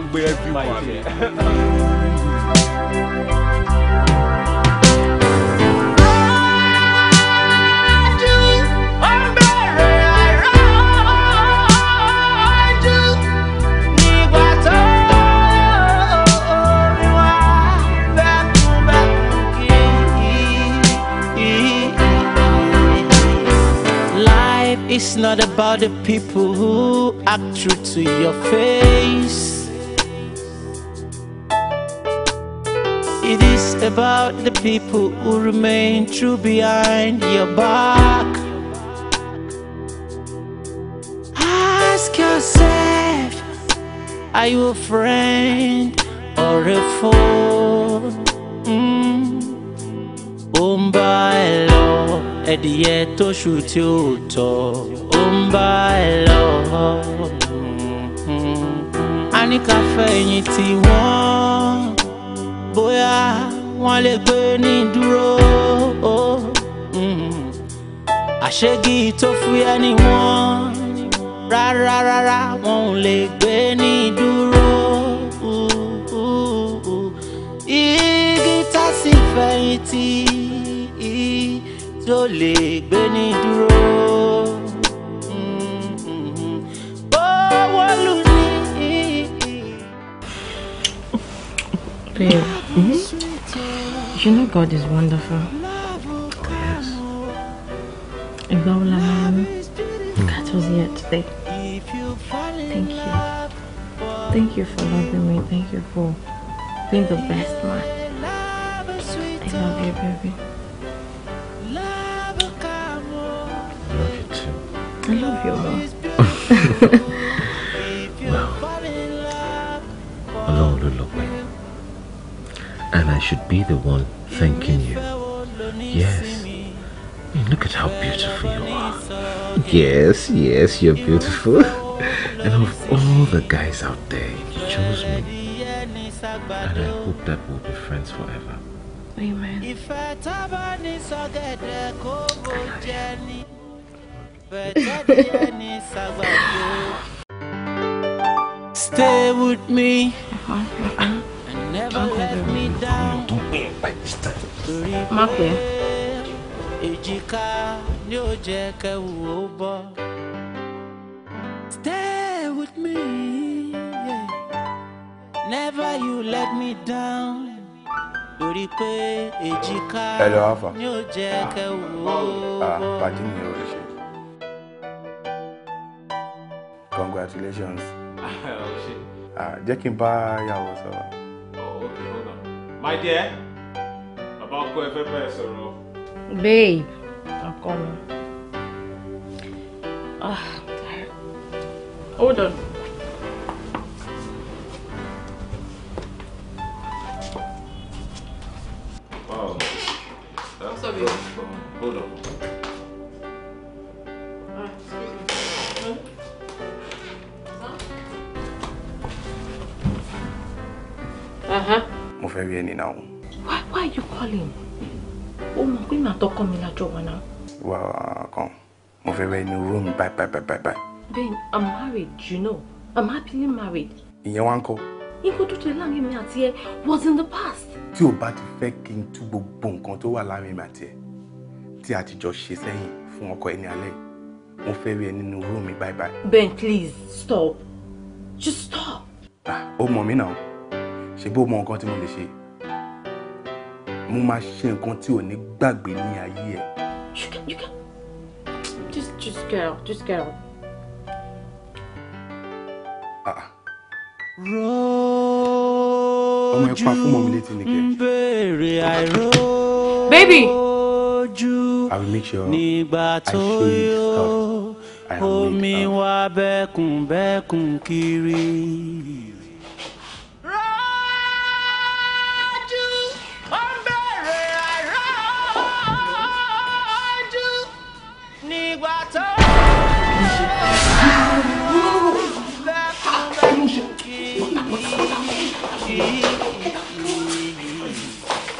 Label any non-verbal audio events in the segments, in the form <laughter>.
máa gbé every one. It's not about the people who act true to your face. about the people who remain true behind your back. Ask yourself Are you a friend or a foe? Ó ń bá ẹ lọ, ẹdìyẹ tó ṣù tí ó tọ̀, ó ń bá ẹ lọ. A ní ká fẹ̀yìntì wọ́n bóyá wọ́n lè gbé ní dúró mm. àṣegí tó fúyẹ́ ni wọ́n rárá rárá wọn ò lè gbé ní dúró igi tá sì fẹ̀yìntì tó lè gbé mm. ní dúró. Babe. You know God is wonderful. Oh, yes. man, That was here today. Thank you. Thank you for loving me. Thank you for being the best man. I love you, baby. I love you too. I love you, love. <laughs> should be the one thanking you. Yes. I mean, look at how beautiful you are. Yes, yes, you're beautiful. <laughs> and of all the guys out there, you chose me. And I hope that we'll be friends forever. Amen. Stay with me. Uh -huh. Uh -huh. down. Má pẹ́. Èjìká ni ni ó ah. ah, Congratulations. <laughs> Oh, ah, jẹ́ kí n bá yàwó sọ̀rọ̀. My dear, about go efe Babe, I'm coming. Ah, hold on. Wow. That's What's up, you? Hold on. very any now. Why, why are you calling? Ó mọ̀ pé màá tọkọ in lájọ wa one Wà á kàn, mo fẹ́ wẹ́ inú room bye bye bye bye bye. Ben, I'm married, you know. I'm happily married. In your uncle. kọ́. Ikú tó tẹ̀lé láàrin mi was in the past. Tí o bá ti fẹ́ kí n tú gbogbo nǹkan tó wà láàrin mi àti tí a ti jọ ṣe sẹ́yìn fún ọkọ ẹni alẹ́ mo fẹ́ rí ẹ nínú room mi bye bye. Ben, please stop. Just stop. Ah, ó mọ̀ mí náà ṣe mọ nǹkan tí mo lè ṣe mo máa ṣe nǹkan tí ò ní gbàgbé ní ayé ẹ. you can you ah. baby. I will make sure I show you stuff. I am made up.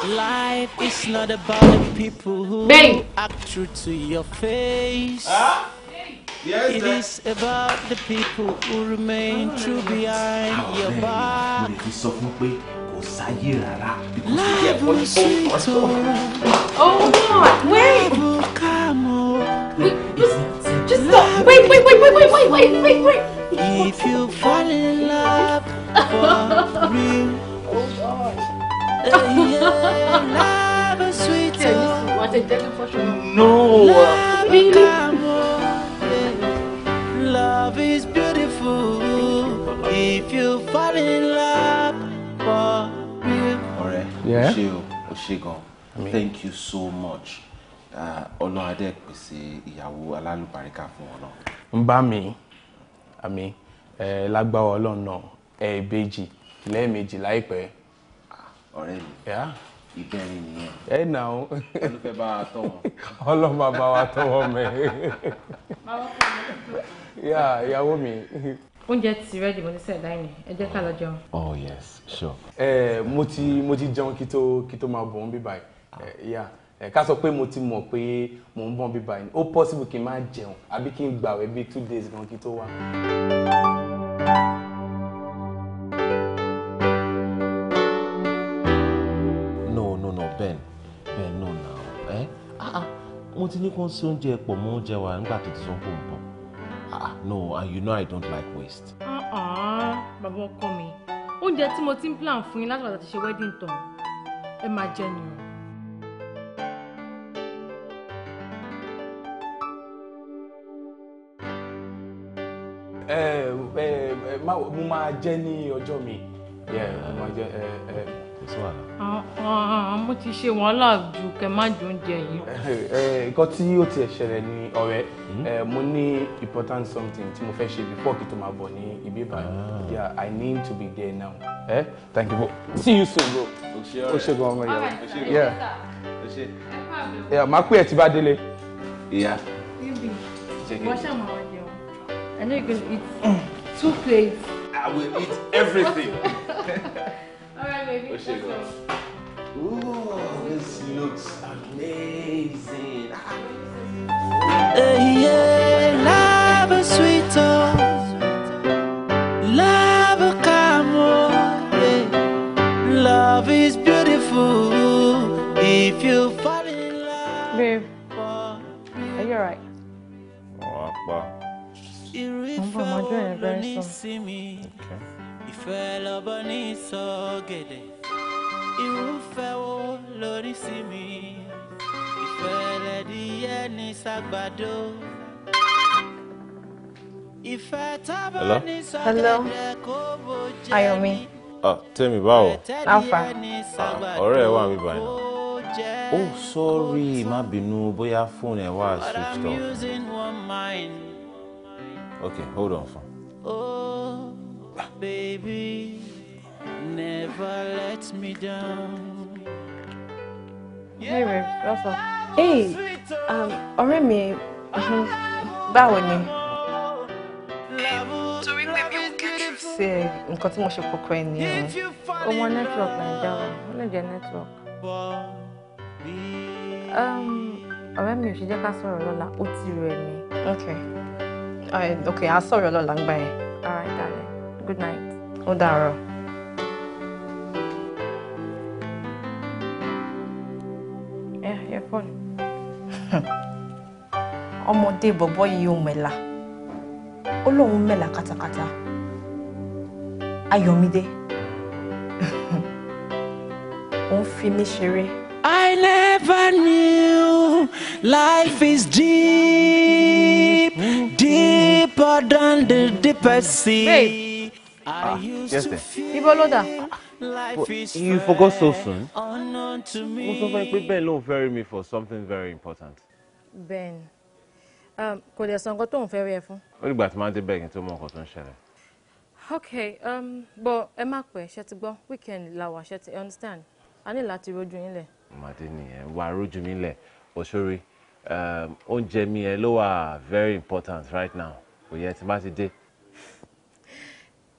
Life is not about the people who Bang. act true to your face. Huh? Yes, it is about the people who remain true behind oh, your back. Life Oh God, wait! wait Wait, wait, wait, wait, wait, wait, wait, wait! If you fall in love. for Yeah, love is Love is beautiful. If you fall in love for real. Ọ̀rẹ́, o Thank you so much. Uh, Ọlọ́run pèsè ìyàwó alálùbáríkà fún ọ náà. Ń bá mi, àmì, lágbára Ọlọ́run náà ẹ̀ẹ̀bejì lẹ́ẹ̀mejì láìpẹ́. ọ̀rẹ́ mi ìkẹrin nìyẹn. ẹ nà ó. olùfẹ́ bá wa tọ̀ wọ́n. ọlọ́mọ bá wa tọ̀ wọ́n mẹ́. yà ìyàwó mi. oúnjẹ ti rẹ́dì mo ti sẹ̀ dáìní ẹ jẹ́ ká lọ jẹun. oh yes sure. ẹ mo ti mo ti jẹun kí tó kí tó máa bọ̀ ń bí báyìí yà ká sọ pé mo ti mọ̀ pé mò ń bọ̀ bí báyìí ó possible kí n má jẹun àbí kí n gbàwẹ̀ bíi two days gan kí tó wá. thank you mo ti ní kó ń ṣe oúnjẹ pọ̀ mọ́ oúnjẹ wa nígbà tó ti sọ pé ń bọ̀ ah no and you know i don't like waste. Uh-uh, bàbá ọkọ mi oúnjẹ tí mo ti ń plan fún yín láti wàtà ti ṣe wedding tán ẹ máa jẹ ni o. ẹ eh, ẹ eh, eh, mo máa jẹ ní ọjọ́ mi ẹ máa jẹ ẹ ẹ kò sí wàhálà. mo ti ṣe wàhálà ju kẹ má jò ń jẹ yìí. Eh, eh, nǹkan tí ó tiẹ̀ ṣẹlẹ̀ ni ọ̀rẹ́ hmm? eh, mo ní important something tí mo fẹ́ ṣe before kí tó máa bọ̀ ní ibi báyìí ah. yeah i need to be there now. Eh? thank you bro see you soon bro. o ṣe gan ọmọ ìyàwó o ṣe. ẹ máa pè ẹ tí bá délé. ìyá. ibi wọ́n ṣàmọ̀ ọ̀jẹ̀ wọn and then you can eat two plates. I will eat everything. <laughs> Alright, baby. Let's go. Ooh, this looks amazing. Hey, yeah, love is sweet. Oh. Love, come oh, Yeah. Love is beautiful. If you fall in love, babe, oh, are you alright? Oh, I'm my very soon. Okay. ọba ní sọ́gẹ̀dẹ̀ irúfẹ́ wo lórí sí mi ìfẹ́lẹ́díyẹ ní sàgbàdo. ìfẹ́ tábà ní sọ́gẹ̀dẹ̀ kò bójú. Ayọ̀mí. Ah, tẹ́mi báwo. Alfa. Ọ̀rẹ́ ẹ wà mí báyìí náà. Oh, sorry, má bínú bóyá fóònù ẹ̀ wá switched off. Okay, hold on fún. Oh, baby never let me down. Anyway, that's all. Hey, um, Oremi, mi, uh-huh. báwo ni? Torí pé mi ò kẹ́jú sí ẹ, nǹkan tí mo ṣe kọ́kọ́ ẹ nìyẹn. Ọmọ network Naija wa, ó lè jẹ́ network. Um, ọ̀rẹ́ mi ò ṣe jẹ́ ká sọ̀rọ̀ lọ́la, ó ti rẹ̀ mí. Okay, uh, okay, a sọ̀rọ̀ lọ́la ń gbà yẹn. All right, darling. Good night. Ó dàárọ̀. pọ̀ jù ọmọdé bọ̀bọ̀ yìí ò mẹ́la ó lóun mẹ́la kátakátá Ayọ̀mídé òun fi mí ṣeré. I never knew life is deep, deeper than the deepest sea. Babe. Ah, yes, there. Ibo ló dà you forgot so soon. Mo sọ fún ẹ Ben don't bury me for something very important. Ben um, could sọ send tó ń fẹ́ rí ẹ fún. Ó dìgbà tí máa dé bẹ́ẹ̀ kí n tó mọ nǹkan tó ń ṣẹlẹ̀. Ok um, bọ ẹ má pẹ́ ṣe ti gbọ́ weekend a lot of road yín lẹ̀. Màdé nìyẹn wà rojú mi lẹ̀ òṣèré um, oúnjẹ mi ẹ ló wà very important right now We yẹ tí má ti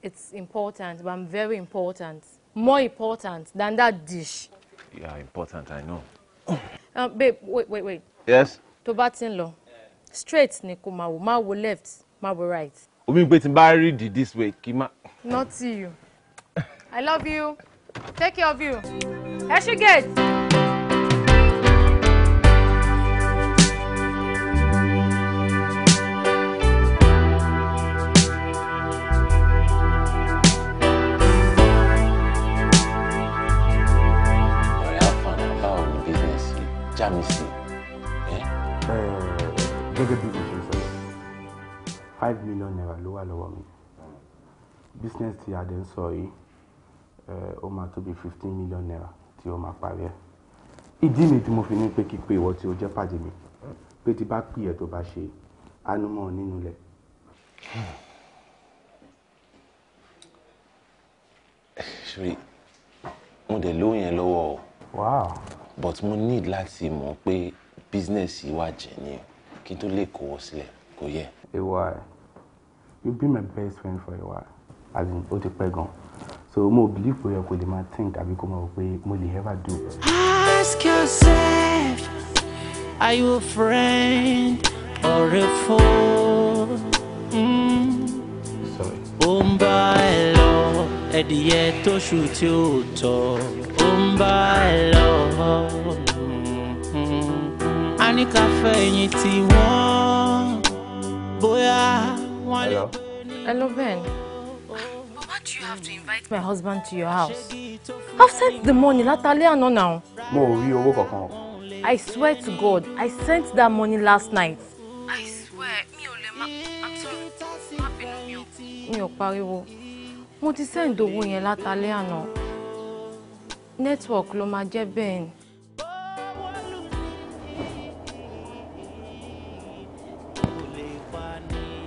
It's important but I'm very important more important than that dish. You are important, I know. um, babe, wait, wait, wait. Yes? Tó bá straight ni kò máa wò, left, máa wò right. Omi pé tí n bá this way, Kima. í má. Not you. I love you. Take care of you. Ẹ ṣí gate. já mi sí. gẹ́gẹ́ bí mo ṣe sọ five million naira ló wà lọ́wọ́ business ti adé ń sọ yìí eh, ó máa tó bí fifteen million naira tí o máa parí ẹ̀ ìdí mi tí mo fi ní pé kí ìwọ tí o jẹ́ pàdé mi pé tí bá pè ẹ́ tó bá ṣe anumọ̀ nínú ilẹ̀. ṣùgbọ́n mo dẹ̀ lóyún ẹ lọ́wọ́ o. wow but mo need láti mọ̀ pé business yìí wà jẹ́ ni kí n tó lè kówó sílẹ̀ kò yẹ. a while you be my best friend for a while as in ó ti pẹ́ gan so mo believe pé ọkọ lè máa think àbí kó máa pé mo lè ever do. ask yourself are you a friend or a foe. Mm. sorry. ó ń bá ẹ lọ ẹdìyẹ tó tí ó tọ́ tó Hello Ben. Why do you have to invite my husband to your house? I've sent the money látàlẹ́ àná náà. Mo ò rí owó kankan o. I swear to God, I sent that money last night. I swear, mi ò lè má, I'm sorry, má bínú mi o. Mi ò pariwo, mo ti send owó yẹn látàlẹ́ àná network ló máa jẹ́ bẹ́ẹ̀ ni.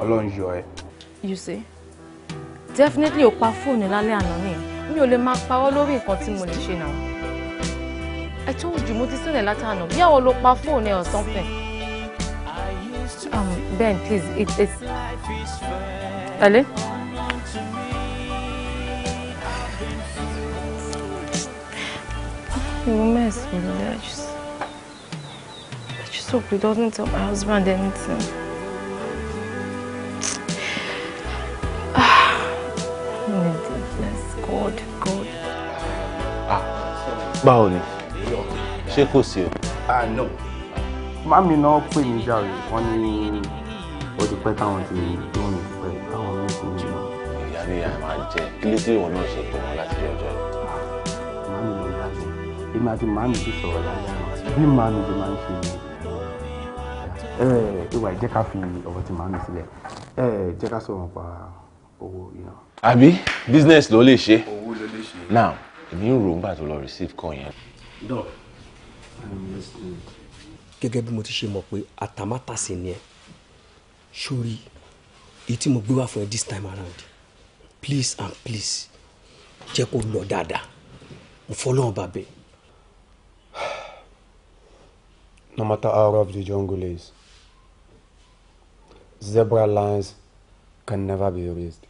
ọlọ́run yọ ẹ. you see definitely ò pa fóònù lálẹ́ àná ni mi ò lè máa pawọ́ lórí nǹkan tí mo lè ṣe náà ẹ tó jù mo ti sílẹ̀ látàná bí àwọn ló pa fóònù ẹ or something. Um, ben please it, it's. Hello? mess with me. I just, I just hope he doesn't tell my husband anything. Bless God, God. Ah, báwo ni? Ṣé kò sí o? Ah, no. Mami náà pè mí jàre, wọ́n ní ó ti pẹ́ táwọn ti lóyún pẹ́ táwọn ní ìsinmi náà. Ìyá ni ìyá máa jẹ, kí ló dé ìwọ̀n náà ṣe pé wọ́n láti rí ọjọ́ yìí? èmi àti màmí ti sọ̀rọ̀ dáadáa bí màmí ti máa ń ṣe ni ìwà ìjẹ́ ká fi ọ̀rọ̀ ti màmí sílẹ̀ jẹ́ ká sọ̀rọ̀ pa owó iná. àbí business ló lè ṣe owó ló lè ṣe now èmi ń rò ó nígbà tó lọ receive call yẹn. dọ gẹ́gẹ́ bí mo ti ṣe mọ̀ pé àtàmátàsí ni ẹ sórí èyí tí mo gbé wá fún ẹ this time around please and please jẹ́ kó lọ dáadáa mo fọ́ lọ́wọ́ bàbẹ́ <sighs> no matter how rough the jungle is, zebra lines can never be erased.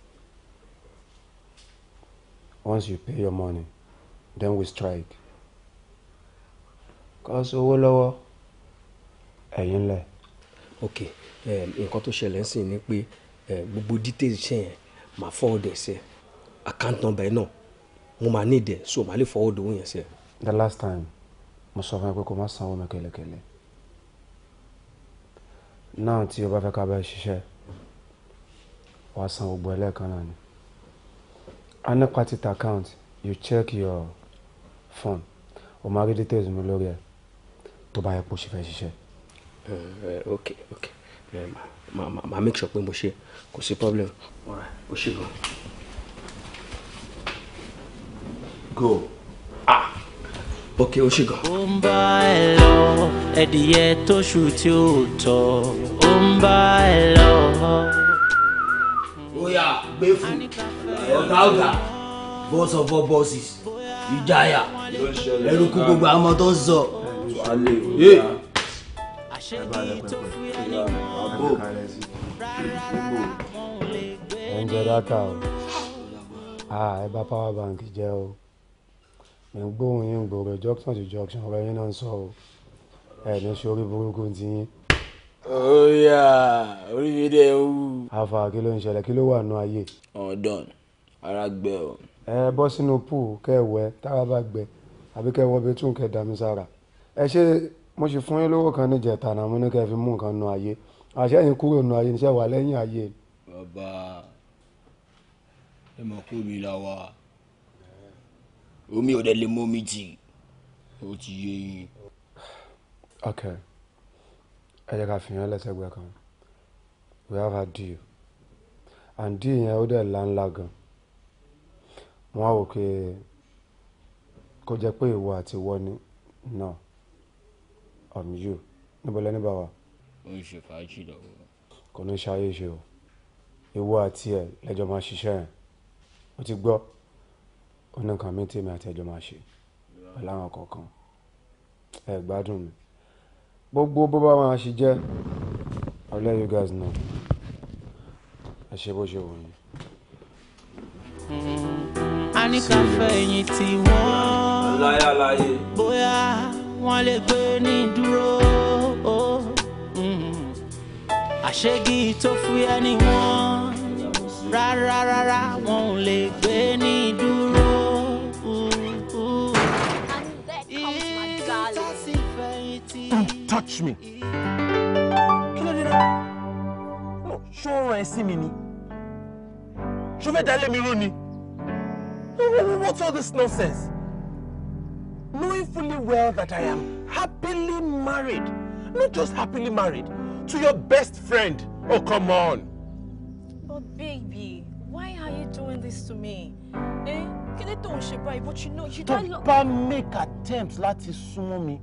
Once you pay your money, then we strike. Ká sówó lọ́wọ́, ẹ̀yin lẹ̀. Ok, um, nǹkan tó ṣẹlẹ̀ ń sìn ni pé um, gbogbo details ṣe yẹn màá forward ẹ̀ sẹ́ account number ẹ̀ náà mo máa need ẹ̀ so màá lè forward owó yẹn sẹ́. The last time mo sọ fún ẹ pé kó má sanwó mi kélekèle náà tí o bá fẹ́ ká bá ṣiṣẹ́ wàá san gbogbo ẹlẹ́ẹ̀kan náà ni a ní party account you check your phone o máa rí details mi lórí ẹ tó bá yẹ kó ṣe fẹ́ ṣiṣẹ́. Eh, eh, ok ok eh, màá make sure pé mo ṣe kò sí problem ó ṣe gan. go. go ok o ó ń bá ẹ lọ ẹdìyẹ tóṣù tí ó tọ ó ń bá ẹ lọ. bóyá gbé fún ọ̀gá ọ̀gá boss of all bosses ìjayà ẹrùkú gbogbo àwọn ọmọ tó ń sọ. ẹ ń jẹ dáta o ah, ẹ bá power bank jẹ o mo ń gbóhùn yín gbòòrò junction to junction ọ̀rọ̀ yín náà ń sọ o ẹ̀ ní sori burúkú ti yín. oya oríṣiríṣi ẹ wú. afa kí ló ń ṣẹlẹ̀ kí ló wà nù ayé. ọ̀dàn ara gbẹ o. ẹ bọ́ sínú pool kẹ́ ẹ wẹ̀ tára bá gbẹ àbí kẹ́ ẹ wọ́n bí tún kẹ́ ẹ dàmí sára ẹ ṣe mo ṣe fún yín lówó kan níjẹta náà mo ní kẹ́ ẹ fi mú nǹkan nù ayé àṣẹ yín kúrò nù ayé níṣẹ́ wà lẹ́yìn ayé. bàbá ẹ mọ̀ kó mi la wa omi ò dẹ̀ lè mú omi jì ó ti yé yín. ok ẹ jẹ́ ká fìyàn lẹ́sẹ̀gbẹ́ kan we have a deal and deal yẹn ó dẹ̀ láńlá gan wọ́n á wò pé kó jẹ́ pé ìwọ àti ìwọ ni no i'm you níbo lẹ́ni bá wa. ó ń ṣe fàájì lọ́wọ́. kò ní ṣe ayé ṣe o ìwọ àti ẹ lẹ́jọ́ máa ṣiṣẹ́ yẹn ó ti gbọ́ ọ̀nà kan mi tèmi àti ẹjọ́ máa ṣe pẹ̀lú àwọn kọ̀ọ̀kan ẹ gbádùn mi gbogbo bó bá máa ṣe jẹ́ I'll let you guys know ẹ ṣe bó ṣe wù yín. a ní ká fẹ̀yìn tì wọ́n bóyá wọ́n lè gbé ní dúró àṣegí tó fúyẹ́ ni wọ́n rárá rárá wọn lè gbé ní dúró. touch me. kí ló dé náà ṣó ń ran ẹ sí mi ni ṣó fẹ́ dalẹ̀ mi rú ni what's all this nonsense knowing fully well that I am happily married not just happily married to your best friend oh come on. but baby why are you doing this to me. Eh? kí ni tó ń ṣe báyìí but you know you don't. tó bá make attempt láti súnmọ́ mi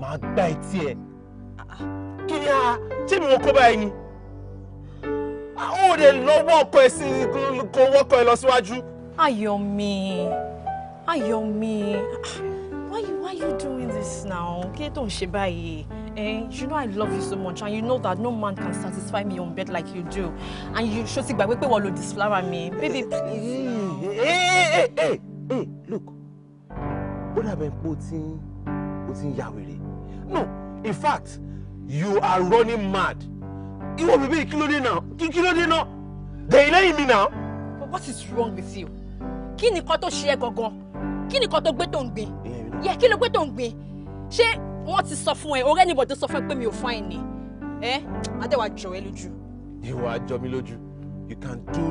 màá gbá etí ẹ kí ni a ṣé mi mo kó báyìí ni ó lè lọ́wọ́ ọkọ ẹ sí kó wọ́kọ ẹ lọ síwájú. Ayọ̀mí Ayọ̀mí why you why you doing this now kí tó ń ṣe báyìí eh you know I love you so much and you know that no man can satisfy me on bed like you do and you ṣó ti gbàgbé pé wọ́n lo disflower mi baby please. ee ee ee look ó dàbẹ̀ pé o ti ń ti ń no in fact you are running mad iwọ bèbè kí ló dé náà kí ló dé náà dẹ̀yìn lẹ́yìn mi náà. but what is wrong with you kí nìkan tó ṣe ẹ́ gangan kí nìkan tó gbé tó ń gbìn yẹ kí ló gbé tó ń gbìn ṣé wọ́n ti sọ fún ẹ ọ̀rẹ́ níbọ̀ tó sọ fún ẹ pé mi ò fún ẹ ní ẹ eh? adéwà jọ ẹ lójú. ìwà jọ mi lójú you can do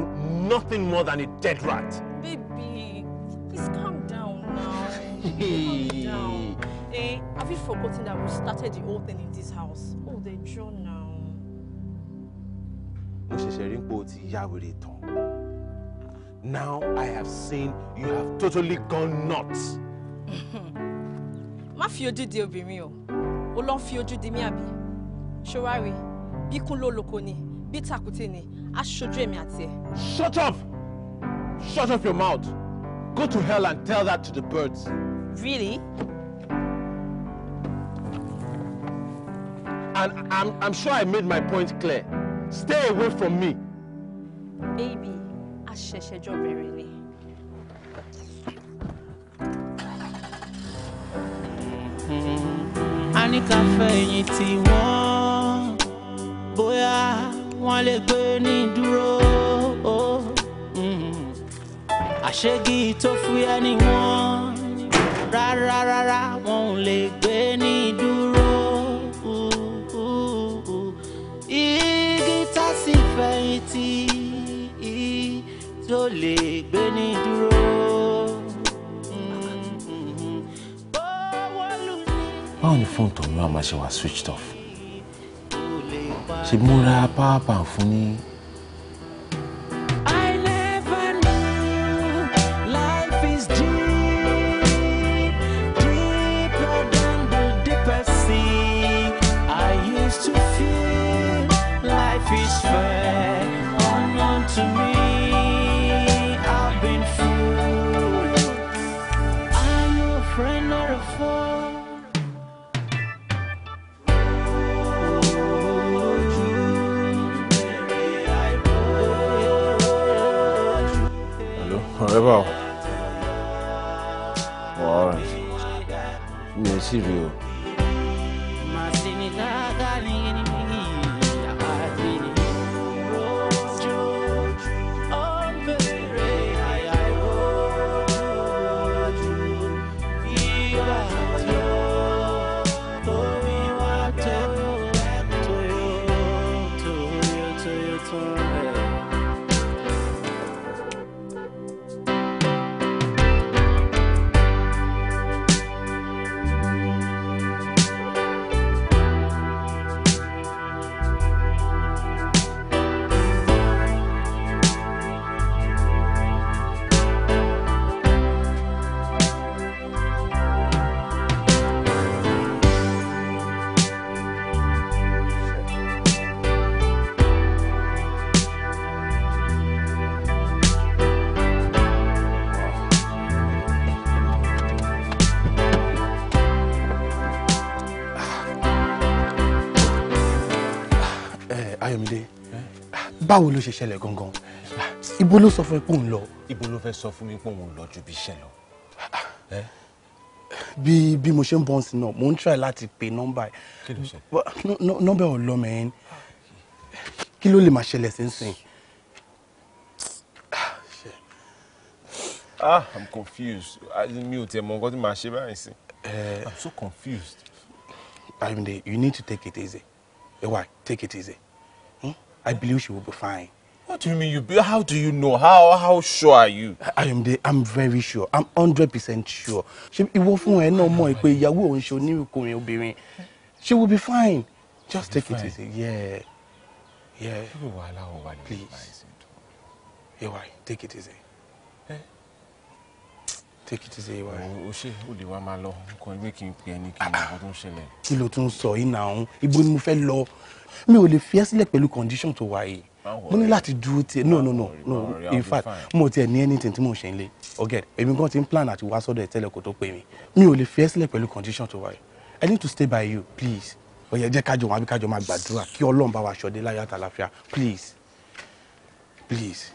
nothing more than a dead rat. baby please calm down now <laughs> calm down. Eh? Have you forgotten that we started the whole thing in this house? Oh, they draw now. Mo ṣẹ̀ṣẹ̀ rí pé o ti ya wèrè tán. Now I have seen you have totally gone nuts. <laughs> Má fi ojú di obìnrin o. O lọ fi ojú di mí àbí. Ṣọ́wárí, bí kún ló lóko ni, bí tàkùté ni, á ṣojú èmi àti ẹ̀. Shut up! Shut up your mouth! Go to hell and tell that to the birds. Really? and I'm, I'm sure I made my point clear. Stay away from me. Baby, a ṣẹ̀ṣẹ̀ jọ bẹ̀rẹ̀ ni. A ní ká fẹ̀yìn tì wọ́n, bóyá wọ́n lè gbé ní dúró. Àṣegí tó fúyẹ́ ni wọ́n, rárá rárá wọn ò lè gbé ní dúró. báwo ni fóònù tòun náà máa ṣe wà switched off ṣe múra power bank fún ní. báwo ló ṣe ṣẹlẹ̀ gangan ibo ló sọ fún ẹ pé òun lọ. ibo ló fẹ́ sọ fún mi pé òun lọ ju bí iṣẹ́ lọ. Ah, bí bí mo ṣe ń bọ̀ sí náà mò ń try láti pe nọ́mbà ẹ̀ nọ́mbà ò lọ mẹ́rin kí ló lè máa ṣẹlẹ̀ sí ń ah, ah i'm confused ah, mi ò tiẹ̀ mọ nǹkan tí màá ṣe báyìí sí eh, i'm so confused. Ayinde you need to take it easy ewa take it easy I believe she will be fine. What do you mean you be? How do you know? How how sure are you? I am the I'm very sure. I'm hundred percent sure. Ṣé ìwọ fún ẹ náà mọ̀ pé ìyàwó òun ṣe onírúkọrin obìnrin. She will be fine. Just take fine. it easy. Yeah. Yeah. Please. Ewa, take it easy. Take it easy, Ewa. Eh? O ṣe o lè wá máa lọ. Nǹkan ẹgbẹ́ kì pe ẹni kí n mọ nǹkan tó ń ṣẹlẹ̀. Kí ló tún sọ Ibo ni mo fẹ́ lọ? mi ò lè fi ẹ́ sílẹ̀ pẹ̀lú condition tó wà yìí mo ní láti dúró tiẹ̀ no no no no in fact mo tiẹ̀ ní anything tí mo ṣe ń lé ọ̀gẹ̀ èmi gan ti ń plan àti wá sọ́dọ̀ ẹ̀ kó tó pè mí mi ò lè fi ẹ́ sílẹ̀ pẹ̀lú condition tó wà yìí I need to stay by you please ó yá jẹ́ kájọ wọn àbí kájọ máa gbàdúrà kí Ọlọ́run bá wa ṣọdé láyé àtàlàfíà please please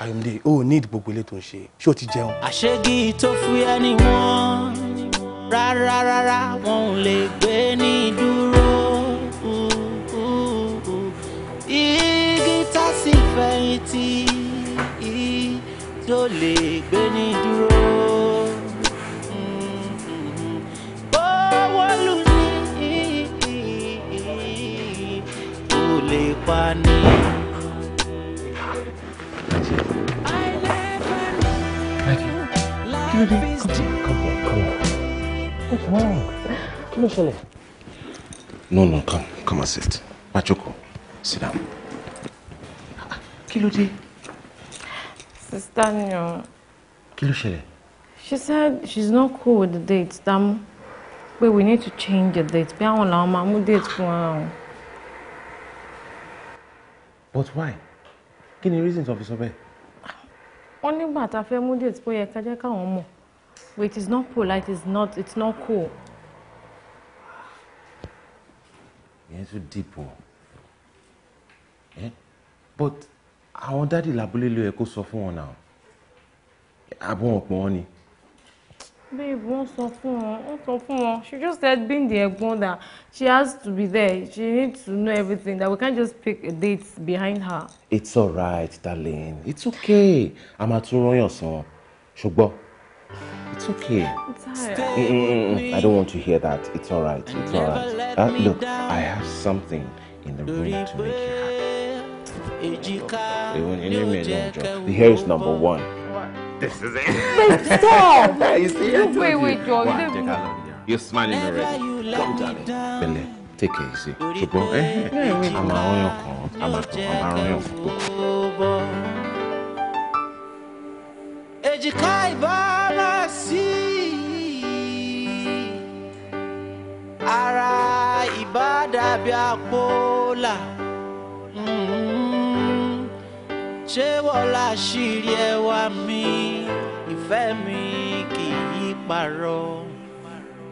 Ayọ̀mídé o ò ní ìdìbò gbélé tó ń ṣe ṣé o ti jẹun. àṣegí tó fúyẹ́ ni wọ́n rárá rárá wọn ò lè gbé ní ìdú fẹ̀yìntì tó lè gbé ní dúró. No, no, come, come and sit. Machoko, sit down kí ló dé. sista ni o. kí ló ṣẹlẹ̀. she said she's not cool with the date damu pé we need to change the date bí àwọn làwọn máa mú date fún wa but why kí ni reason tó fi sọ bẹ́ẹ̀. wọ́n nígbà tá a fẹ́ mú date bó yẹ ká jẹ́ káwọn mọ̀ but it is not polite it is not it is not cool. ìyẹn tún dìbò eh? but àwọn dáàdì làbúlé ló yẹ kó sọ fún wọn náà àbọ̀ wọn wọn ni. babe wọ́n sọ fún wọn wọ́n sọ fún wọn she just said being the ẹ̀gbọ́n that she has to be there she needs to know everything that we can't just pick a date behind her. it's alright darling it's okay a máa tún rányàn sàn ṣùgbọ́n it's okay. It's alright. Mm mm, mm -mm, I don't want to hear that. It's alright. It's alright. Uh, ah, look, I have something in the room to make you happy. Even in your man, John. The hair is number one. What? This is it. Wait, stop! <laughs> you see, you wait, wait, John. Wow, take a look. You're smiling already. Come down. Bele, take it easy. Ṣùgbọ́n ẹ ẹ a máa rán yàn kan, a máa kàn, a máa rán yàn fún gbò. Èjìká ìbára sí ara ìbá dàbí àpò là. Mm-hmm ṣé wọ́n láṣìírí ẹwà mi ìfẹ́ mi kì í parọ́.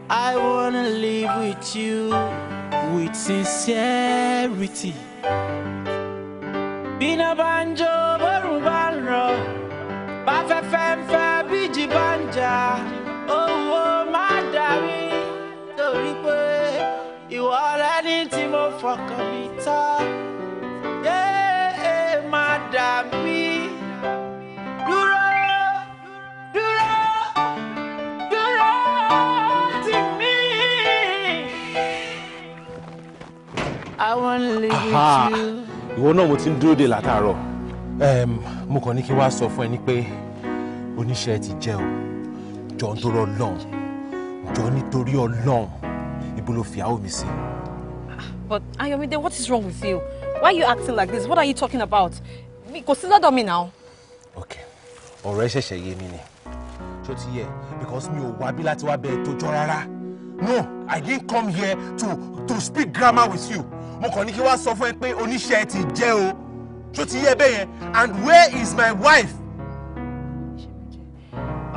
I wanna live with you with sincerity. Bíná bá ń jó bórùn bá ń rọ̀, bá fẹ́fẹ́ ń fẹ́ bíjì bá ń jà, owó má dà mí torí pé ìwọ rẹ ní tí mo fọkàn mi tán dá mi dúró dúró dúró tì mí. I wanna live with you. ìwọ náà mo ti ń dúró de látàárọ̀ mo kàn ní kí wàá sọ fún ẹni pé oníṣẹ́ ti jẹ́ o jọ nítorí ọlọ́run jọ nítorí ọlọ́run ibo ló fi àwọn mi sí. Ah, but Ayomide, what is wrong with you? Why are you acting like this? What are you talking about? mi kò sí lọ́dọ̀ mi náà. ok ọ̀rọ̀ ẹ ṣẹ̀ṣẹ̀ yé mi ni ṣó ti yẹ because mi ò wá bí láti wá bẹ́ẹ̀ tó jọ rárá no i didn't come here to to speak grammar with you mo kàn ní kí wá sọ fún ẹ pé oníṣẹ́ ti jẹ́ o ṣó ti yẹ bẹ́ẹ̀ yẹn and where is my wife.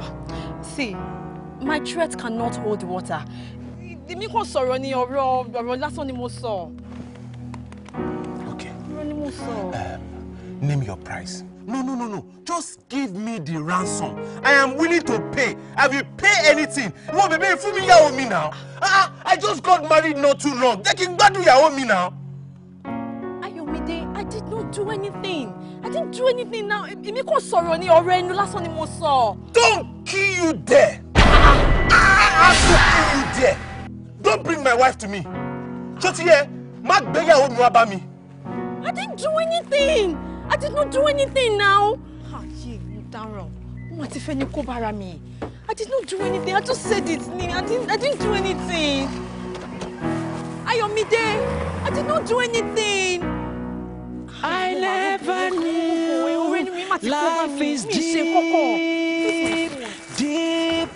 Ah, see my threat cannot hold water èmi kàn sọ̀rọ̀ ni ọ̀rọ̀ ọ̀rọ̀ lásán ni mo sọ. ok ọ̀rọ̀ ni mo sọ. Eh, Name your price. No, no, no, no. Just give me the ransom. I am willing to pay. I will pay anything. Wọ́n baby, fool me yàwó mi now. Ah, ah, I just got married not too long. Jẹ́ kí n gbádùn yàwó me now. Ayomide, I did not do anything. I didn't do anything now. imi kò sọ̀rọ̀ ní ọ̀rọ̀ ẹnu lásán ni mo sọ. Don't kill you there. Ah, I don't kill you there. Don't bring my wife to me. Ṣé ti yẹ? Má gbé yàwó mi wá I didn't do anything. I did not do anything now. Ayé mo dáràn, mo máa ti fẹ́ ní kó bára mi. I did not do anything, I just said it Nini. I didn't, I didn't do anything. Ayomide, I did not do anything. I never knew life is deep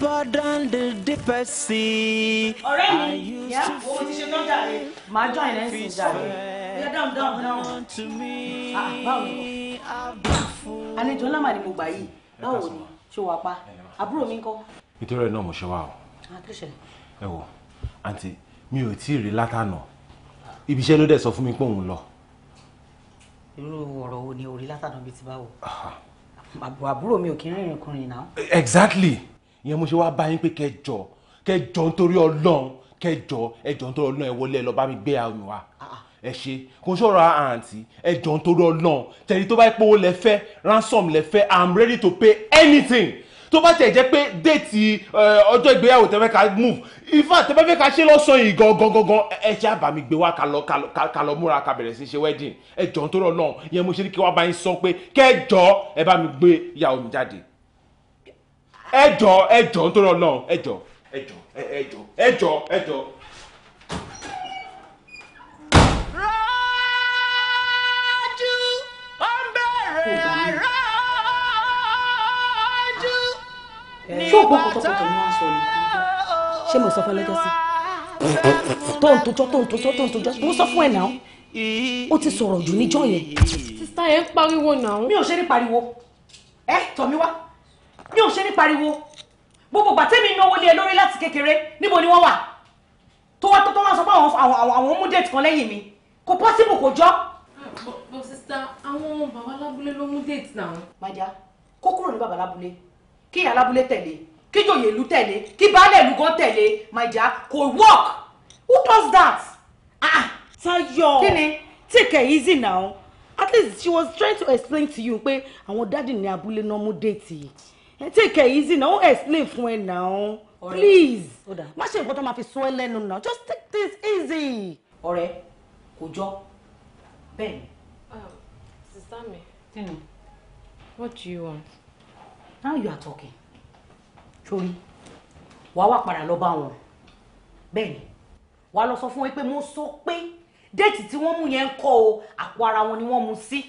deeper than the deepest sea. ọ̀rẹ́ mi yá owó ti ṣe tán jàre màá jọ àyìnlẹ́ ń sìn jàre yá dáhùn dáhùn dáhùn báwo ni àlejò ńlá màá ni mo gbà yìí báwo ni ṣe wà pa àbúrò mi ńkọ́. nítorí ẹ náà mo ṣe wá o. Ah, ẹ wo àǹtí mi ò tí ì rí látànà ibi iṣẹ́ ló dẹ̀ sọ fún mi pé òun lọ. irú ọ̀rọ̀ wo ni orí látànà bíi ti báwo àbúrò mi ò kí ń rìnrìn kùnrin náà. exactly ìyẹn mo ṣe wá bá yín pé kẹjọ kẹjọ nítorí Ọlọ́run kẹjọ ẹjọ nítorí Ọlọ́run ẹ wọlé ẹ lọ bá mi gbé àwọn wa ah, ah. ẹ ṣe kò ṣọ̀rọ̀ àǹtí ẹjọ nítorí Ọlọ́run tẹ̀lé tó bá pé owó lẹ ransom lẹ fẹ́ i'm ready to pay anything tó bá tẹ̀ jẹ́ pé déètì ọjọ́ ìgbéyàwó tẹ́fẹ́ ká move in fact tẹ́fẹ́ fẹ́ ká ṣe lọ́sàn-án yìí gangan gangan ẹ ṣe àbàmì gbé wá ká lọ múra ká bẹ̀rẹ̀ sí ṣe wedding ẹ jọ̀ọ́ nítorí Ọlọ́run yẹn mo ṣe ní kí wọ́n bá yín sọ pé kẹ́ ẹ ẹ bá mi gbé ìyàwó mi jáde ẹ jọ ẹ jọ nítorí Ọlọ́run ẹ jọ ẹ jọ ẹ jọ ẹ jọ ẹ jọ. rọ́jú ó ń bẹ̀rẹ̀ rọ́jú nígbà tó ṣé mo sọ fún ẹlẹ́jọ́ sí tó ń tojọ́ tó ń tojọ́ tó ń tojọ́ mo sọ fún ẹ̀ náà ó ti sọ̀rọ̀ jù níjọ́ yẹn. sista yẹn ń pariwo náà. mi ò ṣe é pariwo ẹ tọ̀ mi wá mi ò ṣe ní pariwo gbogbo ìgbà tẹ́mi náwó lé ẹ lórí láti kékeré níbo ni wọ́n wà tó wá tó tó wá sọ pé àwọn àwọn mú déètì kan lẹ́yìn mi kò pọ́sibù kò jọ́. bọ́ sista àwọn bàbá alábúlé ló mú déètì náà. màdìá kó kúrò ní bàbá alábúlé kí ìyá alábúlé tẹ̀lé kí jòyè ìlú tẹ̀lé kí baálẹ̀ ìlú gan tẹ̀lé màdìá kò work who does that. ah Táyọ̀ kí ni take it easy now at least she was trying to explain to you pé àwọn dáàdì ní abúlé náà mú déètì yìí take it easy now explain fún ẹ now please má ṣe nǹkan tó máa fi sún ẹ lẹ́nu now just take this easy. ọ̀rẹ́ kò jọ bẹ́ẹ̀ ni. Oh, sista mi. tinu. what do you want. now you are talking. sori wàá wà padà lọ bá wọn bẹ́ẹ̀ ni wàá lọ sọ fún wọn pé mo sọ pé déètì tí wọ́n mú yẹn ń kọ́ o àpò ara wọn ni wọ́n mú sí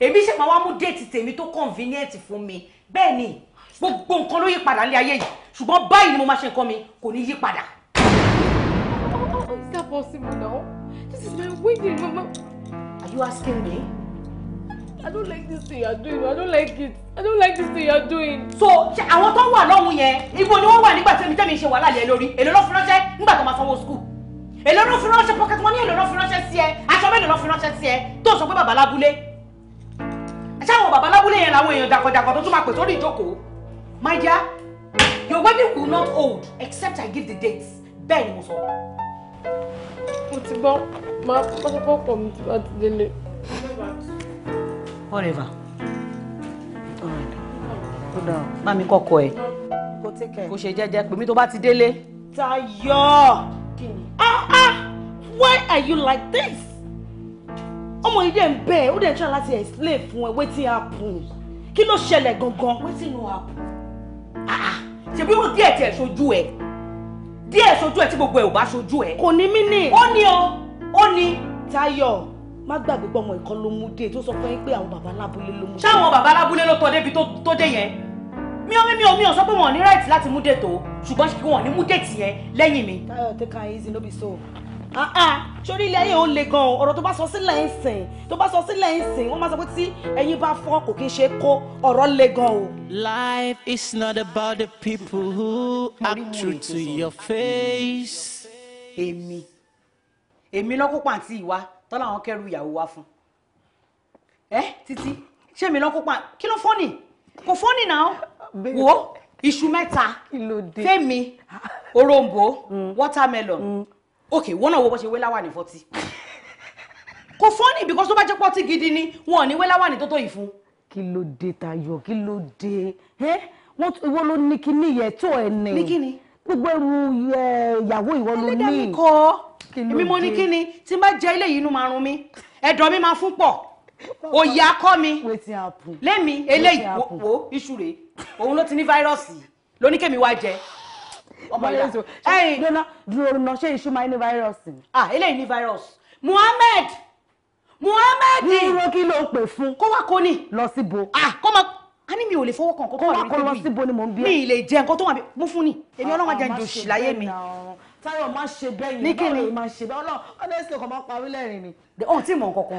èmi ṣe máa wá mú déètì tèmi tó convenient fún mi bẹ́ẹ̀ ni gbogbo nǹkan ló yí padà ní ayé yìí ṣùgbọ́n báyìí ni mo máa ṣe nǹkan mi kò ní yí padà. Is that possible now? This is my wedding, Mama. Are you asking me? I don't like this thing you're doing. I don't like it. I don't like this thing you're doing. So ṣe àwọn tó wà lọ́hùn yẹn ibo ni wọ́n wà nígbà tí èmi tẹ́mi ṣe wàhálà lé lórí èlò ló fi ránṣẹ́ nígbà tó máa sanwó skul èlò ló fi ránṣẹ́ pocket money èlò ló fi ránṣẹ́ sí ẹ aṣọ mélòó ló fi ránṣẹ́ sí ẹ tó sọ pé bàbá lábúlé ṣáwọn bàbá lábúlé yẹn làwọn èèyàn jàkọ̀jàkọ̀ tó tún máa pè sórí ìjókòó my dear your wedding will not hold except I give the dates bẹ́ẹ̀ ni mo sọ. mo ti gbọ́ máa pátápátá mi ti bá ti délé. whatever kó dà bá mi kọ́kọ́ ẹ̀ kó ṣe jẹ́jẹ́ pé tó bá ti délé. Táyọ̀ ah ah why are you like this ọmọ yìí dẹ̀ ń bẹ̀ ó dẹ̀ ń try láti explain fún ẹ wetin happen kí ló ṣẹlẹ̀ gangan. wetin no happen. Ah, ah, ṣebí ó díẹ̀ tiẹ̀ ṣojú ẹ̀ díẹ̀ ṣojú ẹ̀ tí gbogbo ẹ̀ ò bá ṣojú ẹ̀. kò ní mí nì. ó ní o ó ní. Táyọ̀ má gbàgbé pé ìkan ló mú dé tó sọ fún yín pé àwọn bàbá lábúlé ló mú dé. ṣáwọn bàbá ló tọ́ débi tó dé yẹn mi ò mi ò mi pé wọn ò ní right láti mú dé tó ṣùgbọ́n kí wọn ò ní mú dé tì yẹn lẹ́yìn mi. Táyọ̀ take am easy no be so Ah, ah. sórí ilé ayé ò le gan o ọ̀rọ̀ tó bá sọ sílẹ̀ ń sìn tó bá sọ sílẹ̀ ń sìn wọ́n máa sọ pé tí ẹyin bá fọ́ kò kí n ṣe kó ọ̀rọ̀ le gan o. Life is not about the people who act true to your face. èmi èmi lọ́kọ́ pàǹtí ìwà tọ́lá àwọn kẹrù ìyàwó wa fún ẹ títí ṣé mi lọ́kọ́ pàǹtí kí ló fọ́nì kò fọ́nì náà wò iṣu mẹ́ta fẹ́mi òrombo ah. watermelon. Mm ok wọn náà wo bó ṣe wé láwà ní fọ́tì kò fọ́nì because tó bá jẹ́ pọ́tì gidi ni wọn ò ní wé láwà ní tó tó yìí fún. kí ló dé Tayọ̀ kí ló dé ẹ wọn ìwọ ló ní kíní yẹ tó ẹ ní. ní kíni. gbogbo ẹrù ìyàwó ìwọ ló ní. ẹlẹ́dàá mi kọ́ èmi mo ní kíni tí n bá jẹ ilé yìí inú máa run mi ẹ̀dọ̀ mi máa fún pọ̀ òye akọ́ mi lẹ́mi eléyìí wo iṣu rèé òun ló ti ní fáírọ́ọ̀sì lóníkèmí wá jẹ ọmọ yẹn ẹyin lóná dúró ná ṣé iṣu máa ni. ah eléyìí ní virus Muhammed Muhammed. dúró kí ló pè fún. kó wá kó lọ sí bo. ah kó máa a ní mi ò lè fọwọ́ kan kókó wà lórí bíbí kó lọ sí bo ni mò ń bí ẹ. mi ì lè jẹ nǹkan tó wà mú fún ni èmi ah, ọlọ́run ajá jò sí láyé mi. Táyọ̀ má ṣe bẹ́yìn ní kíni má ṣe bẹ́yìn ọlọ́run honestly kò máa parí lẹ́rìn ni. ọ̀hún tí mò ń kankan.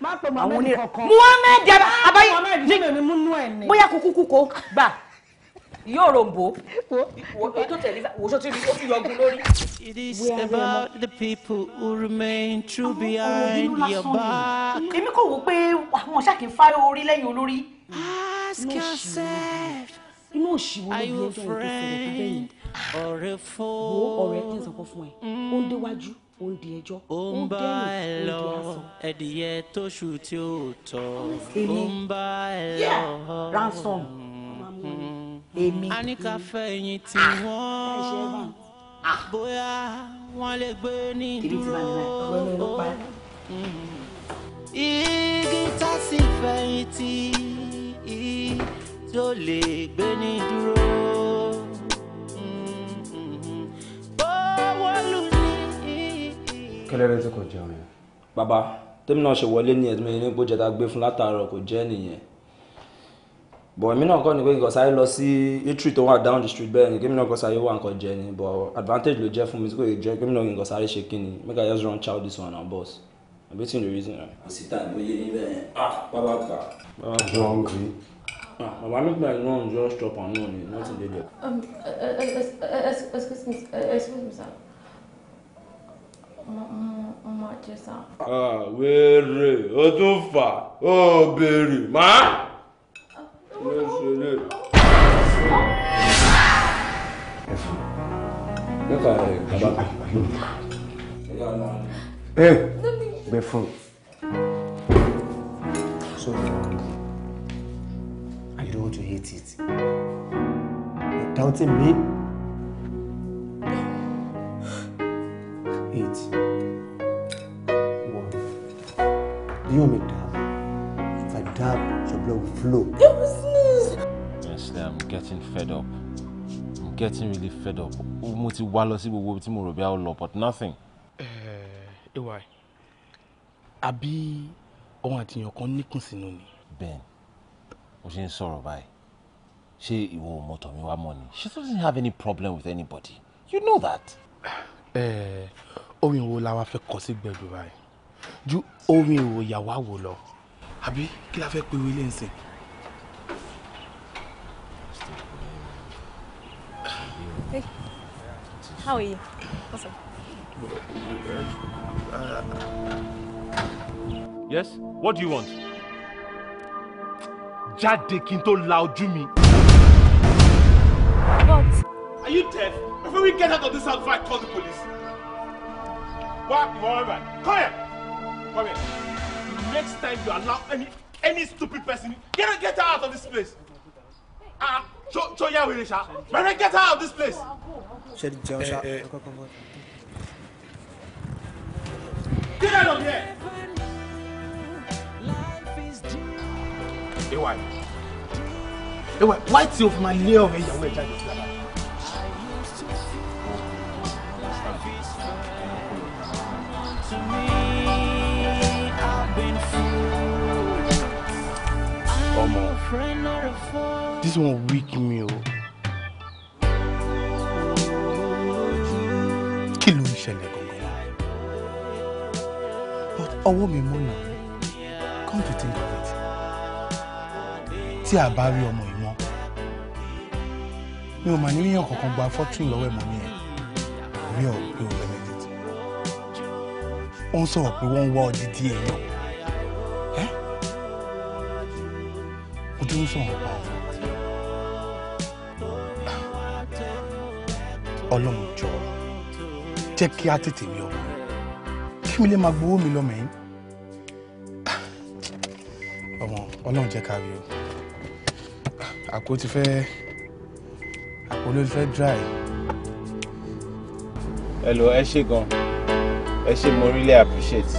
má pè Muhammed kankan. Muhammed abayi. Ah, Muhammed jíjẹ mi mú bóyá kúkú kó gbà yóò rombo wo tó tẹ̀lé wo tó ti yọgun lórí. it is about the people who remain true behind your back. èmi kò wò pé àwọn ṣáà kì í fárẹ́ orí lẹ́yìn olórí. ask yourself inú òṣìwò ló bí ẹjọ́ ìgbésẹ̀ rẹ̀ bẹ́yìn ọ̀rẹ́ fún wo ọ̀rẹ́ kí n sọ̀kọ fún ẹ ó ń déwájú ó ń di ẹjọ́ ó ń bá ẹ lọ ẹdìyẹ tóṣù tí ó tọ́ ó ń bá ẹ lọ ransom. Ani a ní ká fẹ̀yìn tì ah, wọ́n ah. bóyá wọ́n lè gbé ní dúró igi tá sì fẹ̀yìn tì tó lè gbé ní dúró. kẹlẹrẹ tí kò jẹun yẹn. bàbá tèmi náà ṣe wọlé ní ẹ̀dùnmẹ́rin ní gbọ́jẹ́ta gbé fún látàárọ̀ kò jẹ́ nìyẹn but èmi náà kọ́ ni pé kò sáré lọ sí itri tó wà down the street bẹ́ẹ̀ ni kí èmi náà kò sáré wà nǹkan jẹ ni but advantage ló jẹ́ fún mi tí kò jẹ́ kí èmi náà kò sáré ṣe kí ni make I just run chow this one on bus na wetin the reason. àsìtà ló yé níbẹ̀ yẹn ah, bàbá kà. bàbá kà jọ ń gbé. bàbá mi gba iná ń jọ stop and no ni nothing dey there. Um, uh, uh, uh, excuse me excuse me sir. mo ma jẹ sir. Ah, wèrè o tún fà ó béèrè máa ló ṣeré. I don't want to hate it you're doubting me eight one you want me dab if I dab your blood will flow. I'm getting fed up I'm getting really fed up mo ti wá lọ sí gbogbo tí mo rò bí a lọ but nothing. ẹ eh, wà àbí ohun àtìyàn kan níkùn sínú ni. Ben o ṣe ń sọ̀rọ̀ báyìí ṣé ìwọ ò mọ̀tọ̀ mi wá mọ̀ ni she doesn't have any problem with anybody you know that. Eh, orin wo la wá fẹ́ kọ sí gbẹ̀dùn báyìí ju orin ìwòyàwó àwò lọ àbí kí la fẹ́ pe wílé nsìn. Hey. How are you? What's up? Yes? What do you want? Jáde kí n tó la What? Are you deaf? Before we get out of this house, before I call the police. What? You want right? Come here. Come here. next time you allow any any stupid person, get out, get out of this place. Ah so so ya wele sa mary get her out of this place. ṣe di jẹun sa ẹ kọkọ bọ. get out of here. ewa ewa why ti o fi ma lé ọ̀rẹ́ ìyàwó me, I've been fooled. I'm friend or a fool this one weak me, o. kí ló ń ṣẹlẹ̀ gangan wá but ọwọ́ mi mú nà come to think of it tí a bá rí ọmọ yìí mọ́ mi ò mà ní yíyan kankan gba fọ́tún lọ́wọ́ ẹ̀mọ́ mi yẹn rí ọ pé o benedict wọ́n sọ̀rọ̀ pé wọ́n ń wá odidi èèyàn ó tún sọ̀rọ̀ pa ọ́. ọlọ́run jọ jẹ́ kí á tètè rí ọmọ kí mi lè máa gbowó mi lọ́mọ yìí ah, ọmọ ọlọ́run jẹ́ ká rí o ah, àpò ti fẹ́ àpò ló ti fẹ́ dry. hello ẹ ṣé gan ẹ ṣé mo really appreciate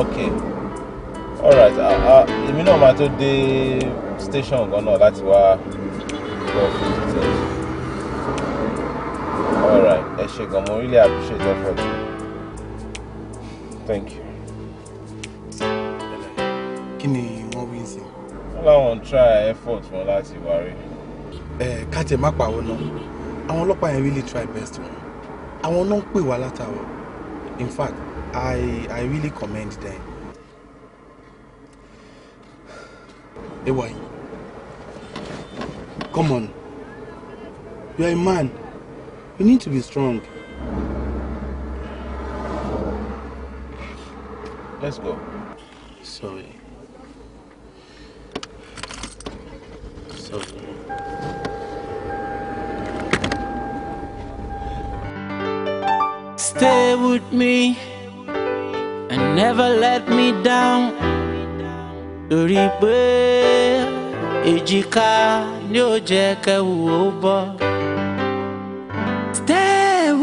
okay alright ah, èmi náà máa tó dé station gan náà láti wá lọ fún mi. ẹ ṣé gan mo really appreciate effort thank you. kí ni wọ́n wí sí. wọ́n láwọn try effort wọn láti wárí. ẹ kájẹ má pàwọ́ náà àwọn ọlọ́pàá yẹn really try best wọn àwọn náà ń pè wá látàwọn in fact i i really commend them. Ewa, wà come on you are a man. We need to be strong. Let's go. Sorry. Sorry. Stay with me and never let me down. Torí pé èjìká ni ó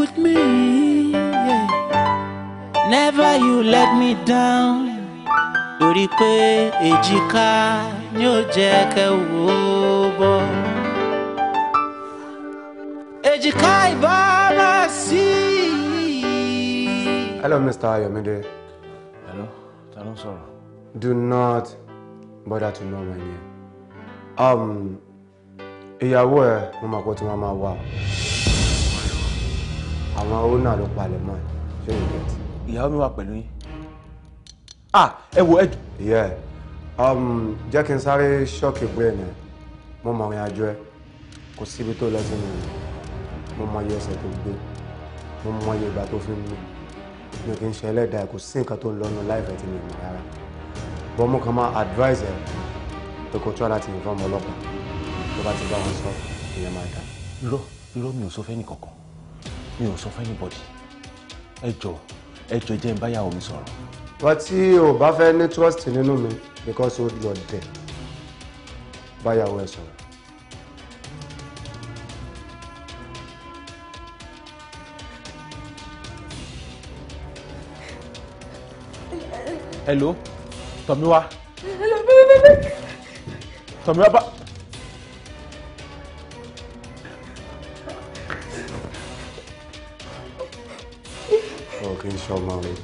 with me. Yeah. Never you let me down. Torí pé èjìká ni ó jẹ́ kẹ́ wò ó bọ̀. Èjìká ìbára sí. Hello, Mr. Ayomide. Hello, ta ló ń sọ̀rọ̀? Do not bother to know my name. Um, ìyàwó ẹ̀ mo mọ̀ pé tí wọ́n máa wà àwọn owner ló palẹ̀ mọ́ ẹ̀ ṣé o ìyàwó mi wà pẹ̀lú yín. ah ẹ wo ẹ. yeah um, jẹ́ kí n sáré ṣọ́ọ̀kì gbé ẹ̀ mo mọ ìrìn àjò ẹ kò síbi tó lẹ́sìn mi mo mọ iye ẹsẹ̀ tó gbé mo mọ iye ìgbà tó fi mú mi kì í ṣe ẹlẹ́dàá kò sí nǹkan tó ń lọ́nu láìpẹ́ tí mi mọ̀ rárá bọ́n mo kàn máa advise ẹ pé kò tọ́ láti inform ọlọ́pàá tó bá ti bá wọn sọ ìyẹn máa dà. irọ́ irọ́ mi ò sọ fẹ́ nìkankan mi ò sọ fún anybody ẹ jọ ẹ jọ jẹ́ n bá yàwó mi sọ̀rọ̀. wọ́n tí o bá fẹ́ ní trust nínú mi because o lọ dẹ̀ bá ẹ sọ̀rọ̀. hello tọ́míwá tọ́míwá bá. ان شاء الله عليك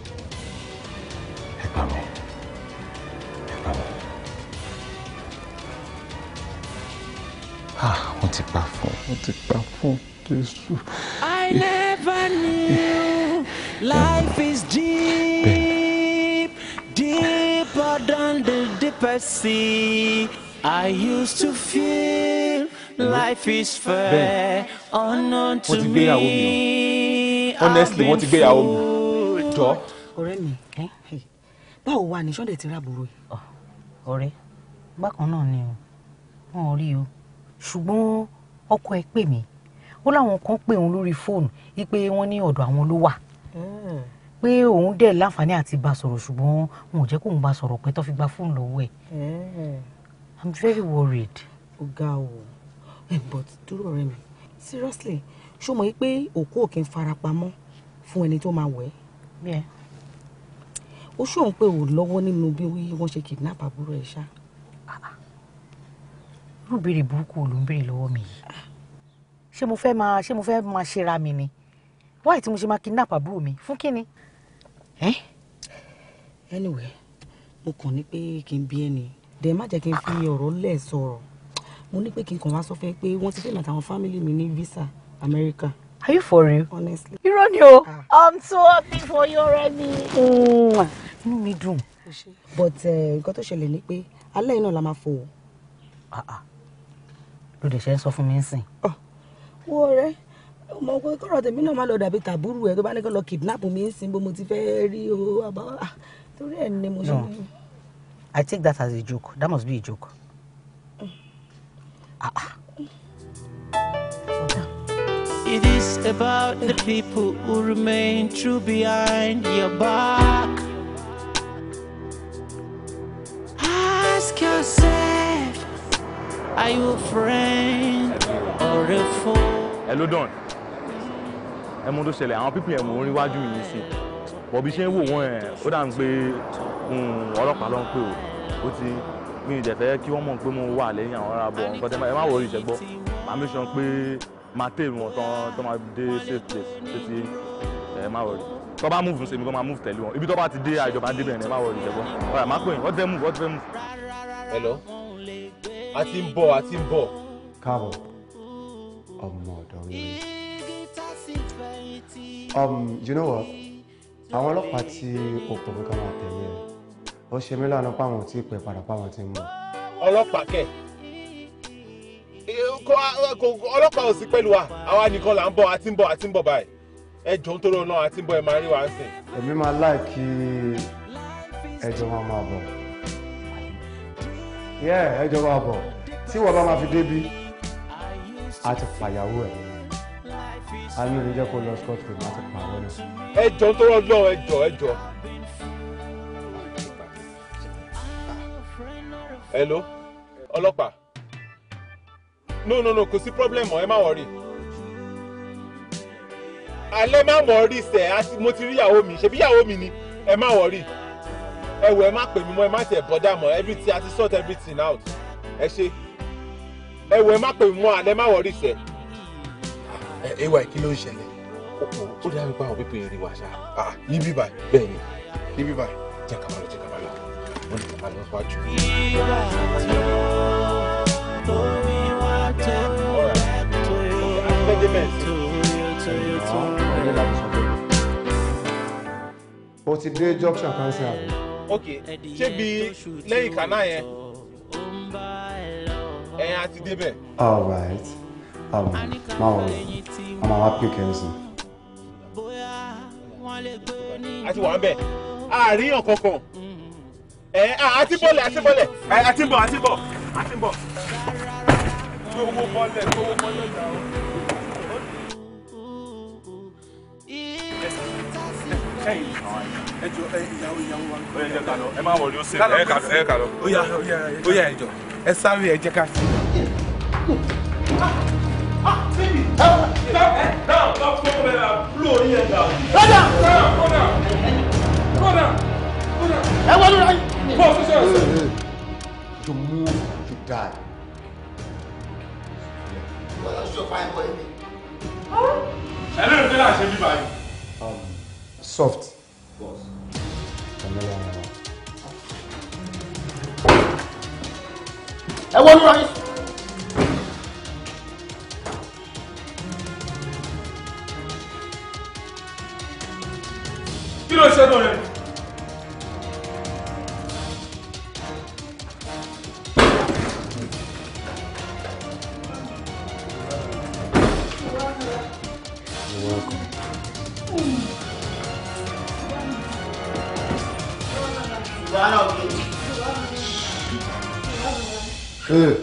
ah wọ́n ti pa fún wọ́n ti pa fún jésù. I never knew life is deep deeper than the deepest sea I used to feel life is fair unknown to me. honestly wọ́n ti gbéyàwó mi jọ. ọ̀rẹ́ mi báwo wà ní sọ́dẹ̀ tí ráàbùrò yìí. ọ̀rẹ́ bákan náà ni o wọn ò rí o ṣùgbọ́n ọkọ ẹ pè mí ó láwọn kan pè òun lórí fóònù wípé wọ́n ní ọ̀dọ̀ àwọn ló wà hmm. pé òun dẹ̀ láǹfààní àti bá sọ̀rọ̀ ṣùgbọ́n wọn ò jẹ́ kóun bá sọ̀rọ̀ pé tó fi gba fóònù lọ́wọ́ ẹ̀ hmm. i'm very worried. ó ga o but dúró ọ̀rẹ́ mi seriously ṣó mọ̀ yí pé òkú òkè ń farapamọ́ fún ẹni tó máa wẹ̀ ẹ́ ó ṣóun pé ò lọ́wọ́ nínú bí wọ́n ṣe kidnap àbúrò ẹ̀ ṣá. irú ìbéèrè burúkú ló ń béèrè lọ́wọ́ mi yìí ṣé mo fẹ́ máa ṣé mo fẹ́ máa ṣera mi ni wáyé tí mo ṣe máa kidnap àbúrò mi fún kí ni. anyway mo kàn ní pé kí n bí ẹni dẹ̀ má jẹ́ kí n fi ọ̀rọ̀ lẹ̀ sọ̀rọ̀ mo ní pé kí n kàn wá sọ fẹ́ pé wọ́n ti fẹ́ màtàwọn fámìlì mi ní visa America. Are you for real? Honestly. Irọ́ ni o. Ah. I'm so happy for you already. Inú mi dùn. But eh, nǹkan tó ṣẹlẹ̀ ni pé alẹ́ yìí náà la máa fò ó. Ah, ah. Lóde ṣe ń sọ fún mi ń sìn. Wo ọ̀rẹ́, ọmọ ọkọ ìkọ̀rọ̀ tèmi náà máa lọ dàbí tàbúrò ẹ̀ tó bá ní kó lọ kidnap mi ń sìn bó mo ti fẹ́ rí o. Torí ẹ̀ ni mo ṣe. No, I take that as a joke. That must be a joke. Mm. Ah, ah. It is about the people who remain true behind your back. Ask yourself, are you a friend or a foe? Hello, Don. Ẹ mú tó ṣẹlẹ̀, àwọn pípín ẹ̀mú oríwájú yìí sí. Bọ̀bí ṣe ń wò wọ́n ẹ̀, ó dà ń pé hmm, ọlọ́pàá ló ń pè ó. Ó ti mi ìdẹ̀fẹ́ kí wọ́n mọ̀ pé mo wà lẹ́yìn àwọn ará bọ̀. Ẹ má wọrí ìṣẹ́gbọ́. Màá mi sọ pé máa tẹ̀ wọn tán tán máa dé safe place ṣé ẹ má wọlé tó bá move ṣèmi kó máa move tẹ̀lé wọn ibi tó bá ti dé àjọba débẹ̀ ẹ̀ má wọlé ṣẹ́gbọ́n ọ̀rẹ́ máa pè yín wọ́n ti fẹ́ move wọ́n ti fẹ́ move. hello a ti ń bọ̀ a ti ń bọ̀. káàbọ̀ ọmọ ọ̀dọ́ mi. um you know what àwọn ọlọ́pàá tí òpò mi kan máa tẹ̀lé ẹ̀ ó ṣe mí lánàá pàwọn tí ì pẹ́ padà pàwọn ti ń mọ̀. ọlọ́pàá kẹ̀. Eh, ọlọ́pàá ò sí pẹ̀lú wa àwa nìkan là ń bọ̀ àti ń bọ̀ àti ń bọ̀ báyìí ẹjọ́ ń tóró náà àti ń bọ̀ ẹ̀ máa rí wa sìn. èmi máa láìkí ẹjọ́ máa máa bọ̀ ẹjọ́ máa bọ̀ tí wọ́n bá máa fi débi a ti ẹ̀ a ní kó lọ scott máa ti pààrọ̀ ẹjọ́ tó ẹjọ́ ẹjọ́. no no no kò sí problem ẹ má wọrí alẹ́ má wọrí sẹ̀ mo ti rí ìyàwó mi ṣebí ìyàwó mi ni ẹ má wọrí ẹ wò ẹ má pè mí mọ́ ẹ má tiẹ̀ bọ́dà mọ́ everything àti sort everything out ẹ ṣe ẹ wò ẹ má pè mí mọ́ alẹ́ má wọrí sẹ̀. ẹ ẹ wà kí ló ń ṣẹlẹ̀ ó dáa wípé àwọn pípé rí wa ṣá. níbí báyìí bẹ́ẹ̀ ni níbí báyìí jẹ́ ká máa lọ jẹ́ ká máa lọ wọ́n ní ká máa lọ wájú. o ti dé junction kan sí àbí. ok ṣé bí lẹ́yìn kaná yẹn ẹ̀yin àti débẹ̀. all right um, máa wọ ọmọ wa pè kẹ́sì. a ti wà ń bẹ̀ àárín ọ̀kọ̀ọ̀kan ẹ̀ a ti bọ̀lẹ̀ a ti bọ̀lẹ̀ a ti bọ̀ a ti bọ̀ a ti bọ̀. gbogbo bọ̀lẹ̀ gbogbo bọ̀lẹ̀ dà o. ẹjọ ìyàwó ìyàwó wa. ó yẹ ká lọ ẹ má wọlé ó sè é ẹ ká lọ. ó yá ó yá ẹjọ ẹ sáré ẹ jẹ ká sí. ẹ wọlé ra yìí. to move to die. Wọ́n yóò ṣe fáin kọ́ ẹ̀mí. Ẹlẹ́rìí tó yà ṣe bí báyìí soft. ẹ wọ́n lóra yín. kí ló ṣe tó rẹ̀. Eh.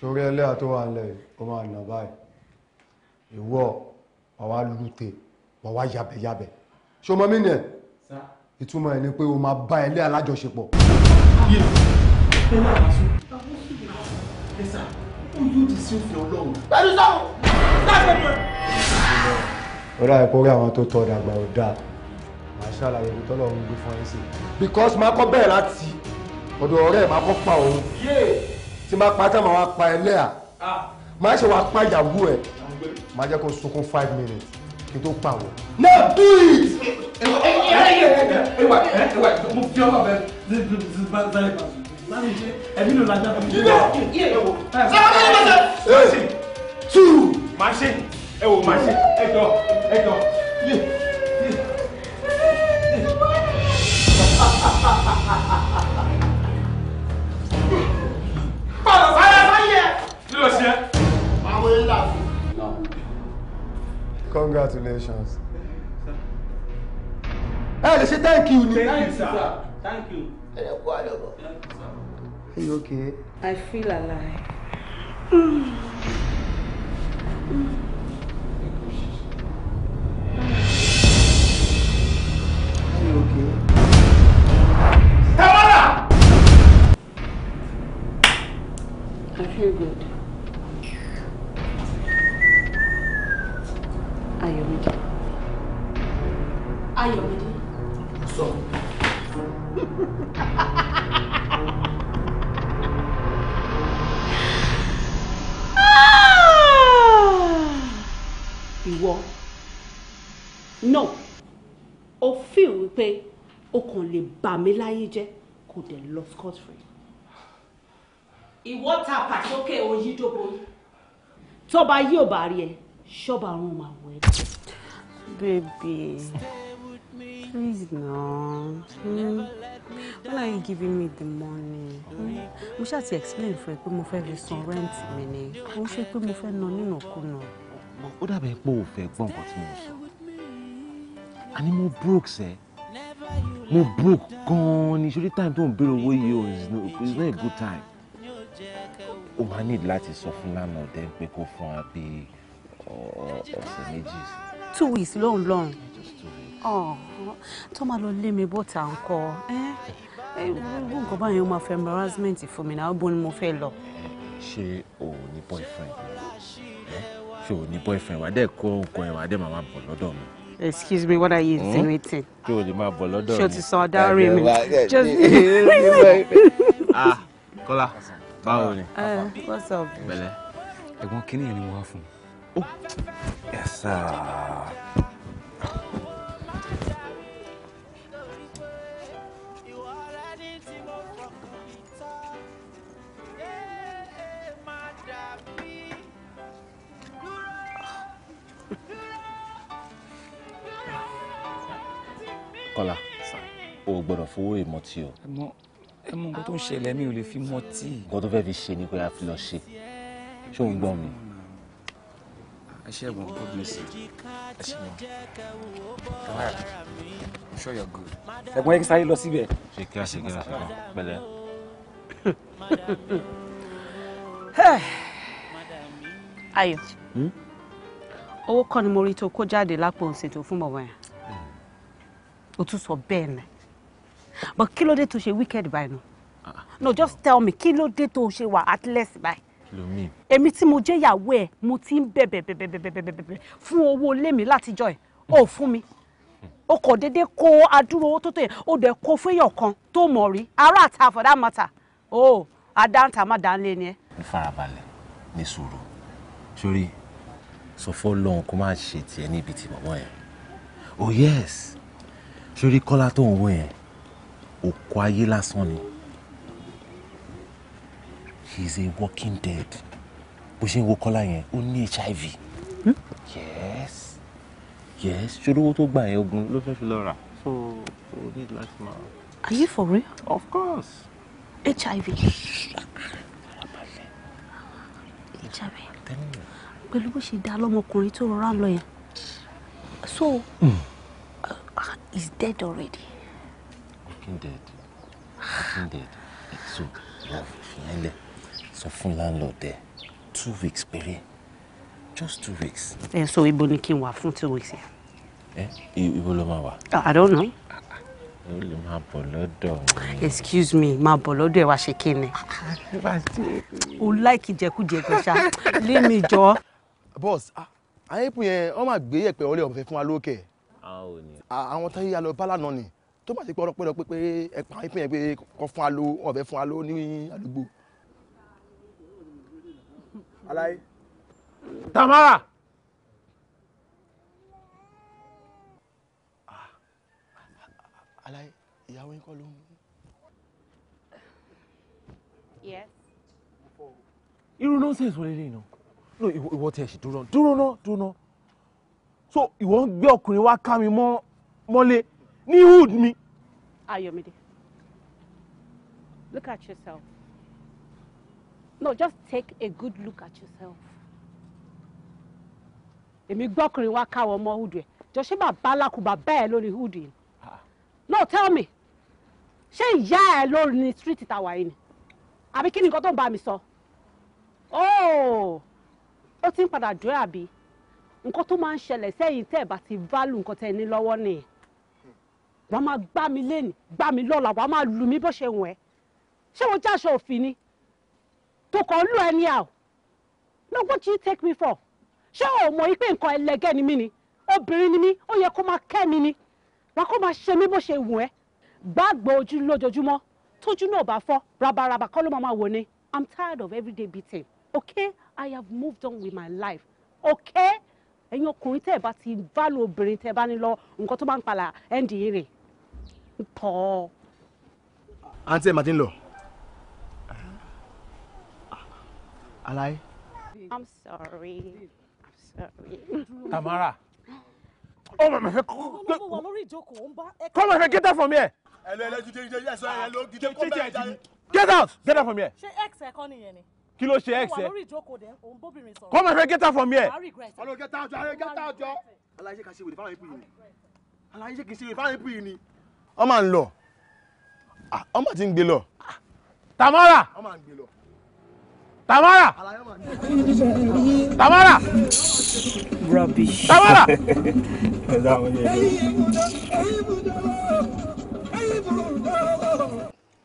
sórí ẹlẹ́yà tó wà nílẹ̀ ó máa nà báyìí ìwọ ọ̀wá lùtè ọ̀wá yabẹ̀yabẹ̀ ṣé o mọ mí nìyẹn ìtumọ̀ ẹ̀ ni pé o máa bá ẹlẹ́yà alájọṣepọ̀. pẹ̀lú sáwọn láti ẹ̀fẹ̀. ó dà ẹ̀kọ́ rí àwọn tó tọ́ dàgbà ó dáa màá ṣàlàyé ibi tọ́lọ̀ ń gbé fún ẹ sí. because máa kọ́ bẹ́ẹ̀ láti ọ̀dọ̀ ọ̀rẹ́ ẹ̀ máa pa òun tí máa pa tá máa pa ẹ lẹ́à ah. máa ṣe wàá pa ìyàwó ẹ̀ máa jẹ́ kó sunkún five minutes kí n tó pa wọ́n. no do it. mo fi ọmọ bẹ zibazari láti ṣe ẹbí ló lajà fún mi. two. ẹ wò máa ṣe ẹ jọ ẹ jọ yé yé. Pàlọ́ Congratulations. Ẹ lè ṣe thank you ni. Thank you sir. Thank you. Are you okay? I feel alive. Are you okay? Tamara! I feel good. Are you? Ayọ̀mídé. Ayọ̀mídé. So. Ìwọ. No. O feel wípé o kàn lè bà mí láyé jẹ́ kò dẹ̀ lọ scot free ìwọ tàpá sókè òyì dòbò tọba yí ò bá rí ẹ ṣọba àrùn máa wọ ẹ. baby please no hmm? when are you giving me the money hmm. mo ṣáà ti explain fún ẹ pé mo fẹ́ fi san rent mi ni mo ṣe pé mo fẹ́ ná nínàkúnà. ó dàbẹ̀ pé o fẹ́ gbọ́ nǹkan tí mo sọ àní mo broke sẹ́ẹ̀ mo broke gan-an ní sórí time tó ń béèrè owó yìí o it's not a good time ó máa need láti sọ fún lánàá pé kó fún wa bí ọ̀sẹ̀ méjì two weeks lóhùn lóhùn oh, tó máa lọ lé mi bọ́ta nǹkan eh, eh, gbogbo nǹkan báyìí ó máa fẹ́ embarrassment fún mi náà ó bó ni mo fẹ́ lọ. ṣé o ò ní boyfriend eh, ṣé o ò ní boyfriend wàá dẹ̀ kó nǹkan ẹ̀ wàá dẹ̀ máa bọ̀ mi. Excuse me, what are you hmm? insinuating? Ṣé o lè máa bọ̀ lọ́dọ̀ mi? Ṣé o ti sọ ọ̀dá rẹ̀ mi? Just. <laughs> Ah, Kọ́lá báwo ni. Eh, what's up. bẹ̀lẹ̀ ẹ̀gbọ́n kínní yẹn ni mo wá fún un. Oh. yes sir. Kọ́lá o gbọ́dọ̀ fowó ìmọ̀ tí o ẹ mọ nǹkan tó ń ṣẹlẹ̀ mi ò lè fi mọ tíì. nǹkan tó fẹ́ fi ṣe ni pé a fi lọ ṣe ṣé òun gbọ́ mi. ẹ ṣe ẹ̀gbọ́n god bless you ẹ ṣe wọn kamara i'm sure you're good. ẹ̀gbọ́n yẹ kí sáré lọ síbẹ̀. ṣe kíá ṣe kíá ṣe kíá pẹ̀lẹ́. <sighs> ayọ̀ hmm? owó kọ́ ni mo rí tó kó jáde lápò òsètò fún bàbá yẹn hmm. o tún sọ bẹ́ẹ̀ náà but kí ló dé tó ṣe wicked báyìí nù no just tell me kí ló dé tó ṣe wà heartless báyìí lomi. èmi tí mo jẹ́ ìyàwó ẹ̀ mo ti ń bẹ̀bẹ̀ bẹ̀bẹ̀ bẹ̀bẹ̀ bẹ̀bẹ̀ fún owó ilé mi látijọ́ ẹ̀ ó fún mi ó kò déédé kó adúrò owó tó tó yẹ ó dẹ̀ kó fún èèyàn kan tó mọ̀ rí ará àta for that matter ó adáǹtà má dá lé ni ẹ. ní farabalẹ̀ ní sùúrù sórí sọ fún ọlọ́run kó má ṣe tiẹ̀ níbi tí bàbá yẹn oh yes sórí kọ́lá tó ń wọ yẹn òkú ayé lásán ni she is a walking dead bó ṣe ń wo kọ́lá yẹn ó ní hiv hmm? yes yes ṣòdòwò tó gbà yẹn ogun ló fẹ́ fi lọ rà so o need láti máa. are you for real. of course. hiv. hiv pẹ̀lú bó ṣe dá lọ́mọkùnrin tó rọra lọ yẹn so mm. uh, he's dead already fucking dead fucking dead so ìyá fìyẹn lẹ landlord there. two weeks baby. just two weeks. ẹ so ibo ni kí n wà two weeks here. Eh? ibo ló máa wà. Ah, i don't know. ó lè máa bọ̀ lọ́dọ̀ mi. excuse me máa bọ̀ lọ́dọ̀ ẹ wá ṣe kí ni. o láìkì jẹkújẹ gbẹ̀ṣà lé mi jọ. Ah, ye. àyẹ̀pù yẹn wọ́n máa gbé yẹ̀pẹ̀ wọlé ọ̀fẹ́ fún wa lókè. àwọn ah, táyé yà lọ bá lánàá ni tó bá ṣe pé ọlọ́pẹ́ lọ pé pé ẹ̀pà ìpín yẹn kọ́ fún alo wọn fún alo ní àdúgbò. Tamara. Ah, aláyé ìyàwó yín kọ́ ló ń. yes. irú nọ́ọ̀sẹ̀sì wọlé lẹ́yìn náà no ìwọ tẹ̀ ṣe dúró náà dúró náà dúró náà so ìwọ ń gbé ọkùnrin wá ká mi mọ́lé. Mo ní hood mi. Ayomide, look at yourself. No, just take a good look at yourself. Èmi gbọ́kùnrin wá káwọ́ ọmọ hood rẹ̀. Jọ ṣé bàbá alákùbà bẹ́ẹ̀ lórí hood yìí? No, tell me, ṣé ìyá ẹ lórí ni street tàwa yìí ni? Àbí kí ni nǹkan tó ń bá mi sọ? Oh, ó ti ń padà dúró àbí? Nǹkan tó máa ń ṣẹlẹ̀ sẹ́yìn tẹ́ ẹ̀ bá ti válù nǹkan tẹ́ ẹ ní lọ́wọ́ nìyẹn wàá máa gbá mi lẹ́nì gbá mi lọ́la wàá máa lù mí bó ṣe wọ̀n ẹ́ ṣé wọ́n já aṣọ òfin ni tó kàn lù ẹ́ ní à no what do you take me for ṣé o mọ̀ yí pé nǹkan ẹlẹgẹ́ ni mí ni obìnrin ni mí ó yẹ kó máa kẹ́ mi ni wàá kó máa ṣe mí bó ṣe wọ̀n ẹ́ gbàgbọ́ ojú lójoojúmọ́ tójú náà bá fọ́ rabaraba kọ́ ló máa wò ni i'm tired of everyday beating okay i have moved on with my life okay ẹ̀yin ọkùnrin tẹ́ ẹ̀ bá ti bá lo obìnrin tẹ́ ẹ bá ní lọ nǹkan tó bá ń palà ẹ̀ ń dìí rè tán. àǹtí ẹ̀ màtí ń lọ. alaye. i'm sorry i'm sorry. tamara. ó mà mà fẹ́ kó. olówó wà lórí ìjókòó ń bá. kọ́ mà fẹ́ get out from here. ẹ lọ ẹ lọ jíjẹ jíjẹ ẹsọ ẹ lọ kó bẹ́ẹ̀ jáde. get out get out from here. ṣé x ẹ kọ́ nìyẹn ni kí ló ṣe ẹ̀ṣẹ̀. wà lórí ìjókòó dẹ òun bóbìnrin sọ̀rọ̀. kọ́mọ̀ fẹ́ gẹ́tà fún mi ẹ̀. ọlọ́run gẹ́tà àjọ ààrẹ gẹ́tà àjọ. aláyé ṣe kà kì í ṣe wèrè fáwọn ẹbí ọmọ ń lọ ọmọ ah, ti ń gbé lọ. Tamara Tamara Tamara rubbish Tamara.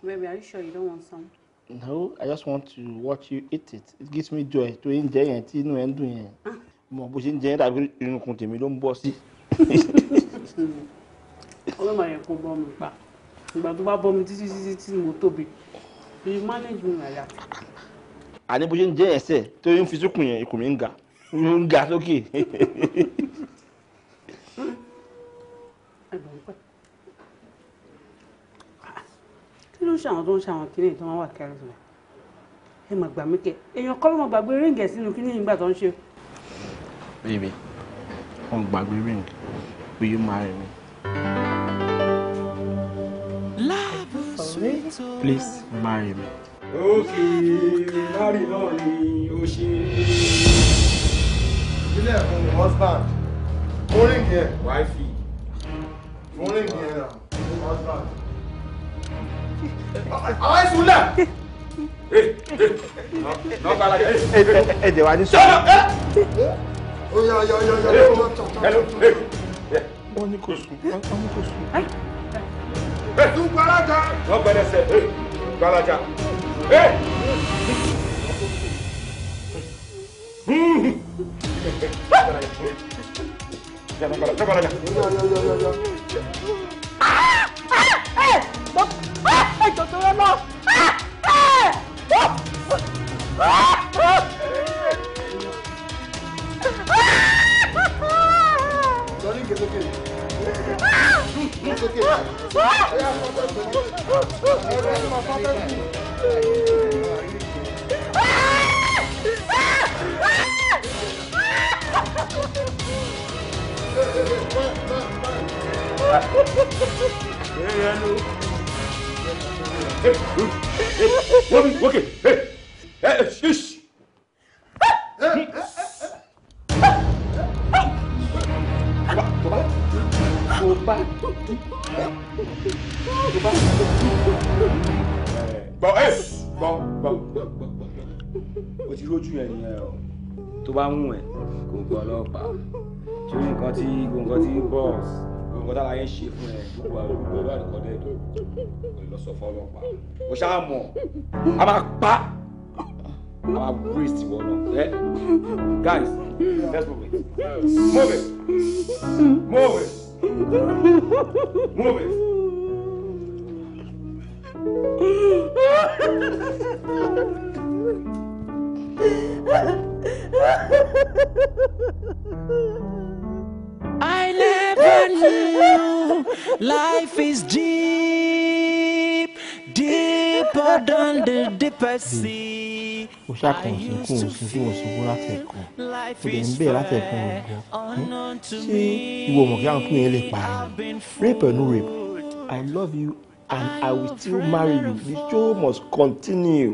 Baby, <laughs> are you sure you don't want some? No, I just want to watch you eat it. It gives me joy to enjoy yẹn tí inú ẹ ń dùn yẹn. Ah. Mo bó ṣe ń jẹ yẹn dàbí irun kun <laughs> ọlọ́mọ yẹn kò bọ́ mi pa ìgbà tó bá bọ́ mi títí títí tí mo tóbi you manage me like that. àní bó ṣe ń jẹ́ ẹsẹ̀ tó ń fi sókùn yẹn ikùn mi ń ga ń ga sókè. kí ló ń ṣàwọn tó ń ṣàwọn kí ni ìtọ́ máa wà kẹrin rẹ̀ ẹ mà gbà mí kẹ èèyàn kọ́ ló mọ̀ gbàgbé ríǹgẹ̀ sínú kí ni ìgbà tó ń ṣe. bíbí wọn gbàgbé ríǹgì bí yóò máa rìn mí sweet please marry me. Okay, marry òkè mari náà ni ó ṣe é. ilé ẹ̀fọn husband orin no, no, orin yẹn na husband. àwọn ẹ̀sùn lẹ̀ ẹ jẹ wa ni sọ. wọ́n ní kò sùn wọ́n ní kò sùn tún gbalaja. wọ́n gbẹ́dẹ̀ sẹ́ gbalaja. Ẹjọ́ tó rẹ lọ. Lọ́ní kẹ́tẹ́kẹ́. Hey, okay, hey, hey, shh. ti rójú yẹn nìyẹn o tó bá wù ẹ́ kò gbọ́ ọlọ́pàá torí nǹkan tí nǹkan tí bọ́ọ̀s nǹkan tára yẹn ṣe fún ẹ gbogbo àwọn olùgbé ló àdìkọ́ dẹ́ẹ̀dọ́ kò lọ sọ fún ọlọ́pàá kò ṣáà mọ̀ a máa pa a máa waste ìwọ náà ẹ guys let's move it move it move it move it. Ha ha ha ha! I never knew life is deep, deeper than the deepest sea. o ṣàkàn òsìnkú òsìnkú òsìnkú láti ẹ̀kọ́ o lè ń bẹ̀ láti ẹ̀kọ́ ọ̀gbọ́n ṣé ìwọ mọ̀ kí àwọn fún yẹn lè parí rape or rape I love you and I will still marry you the show must continue.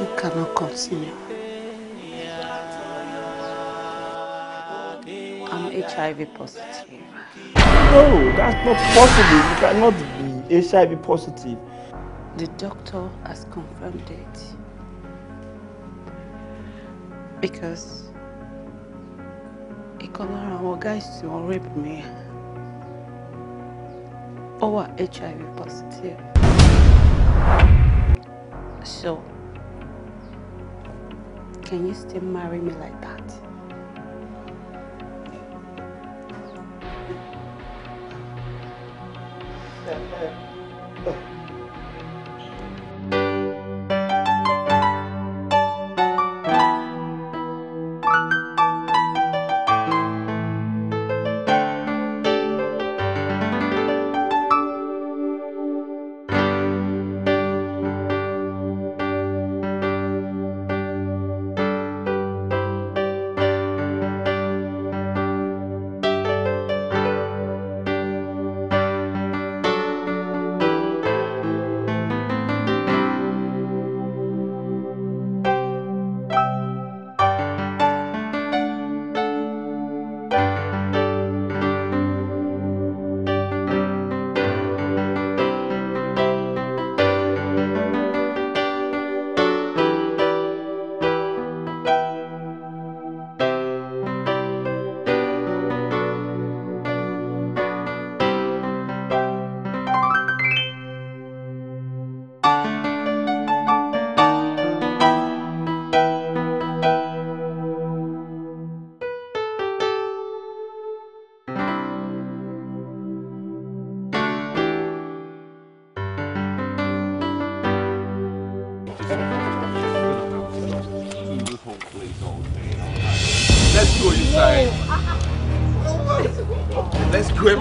You cannot continue. I'm HIV positive. No, that's not possible. You cannot be HIV positive. The doctor has confirmed it. Because ìkan lára àwọn guys tí rape me. ó HIV positive. So Can you still marry me like that?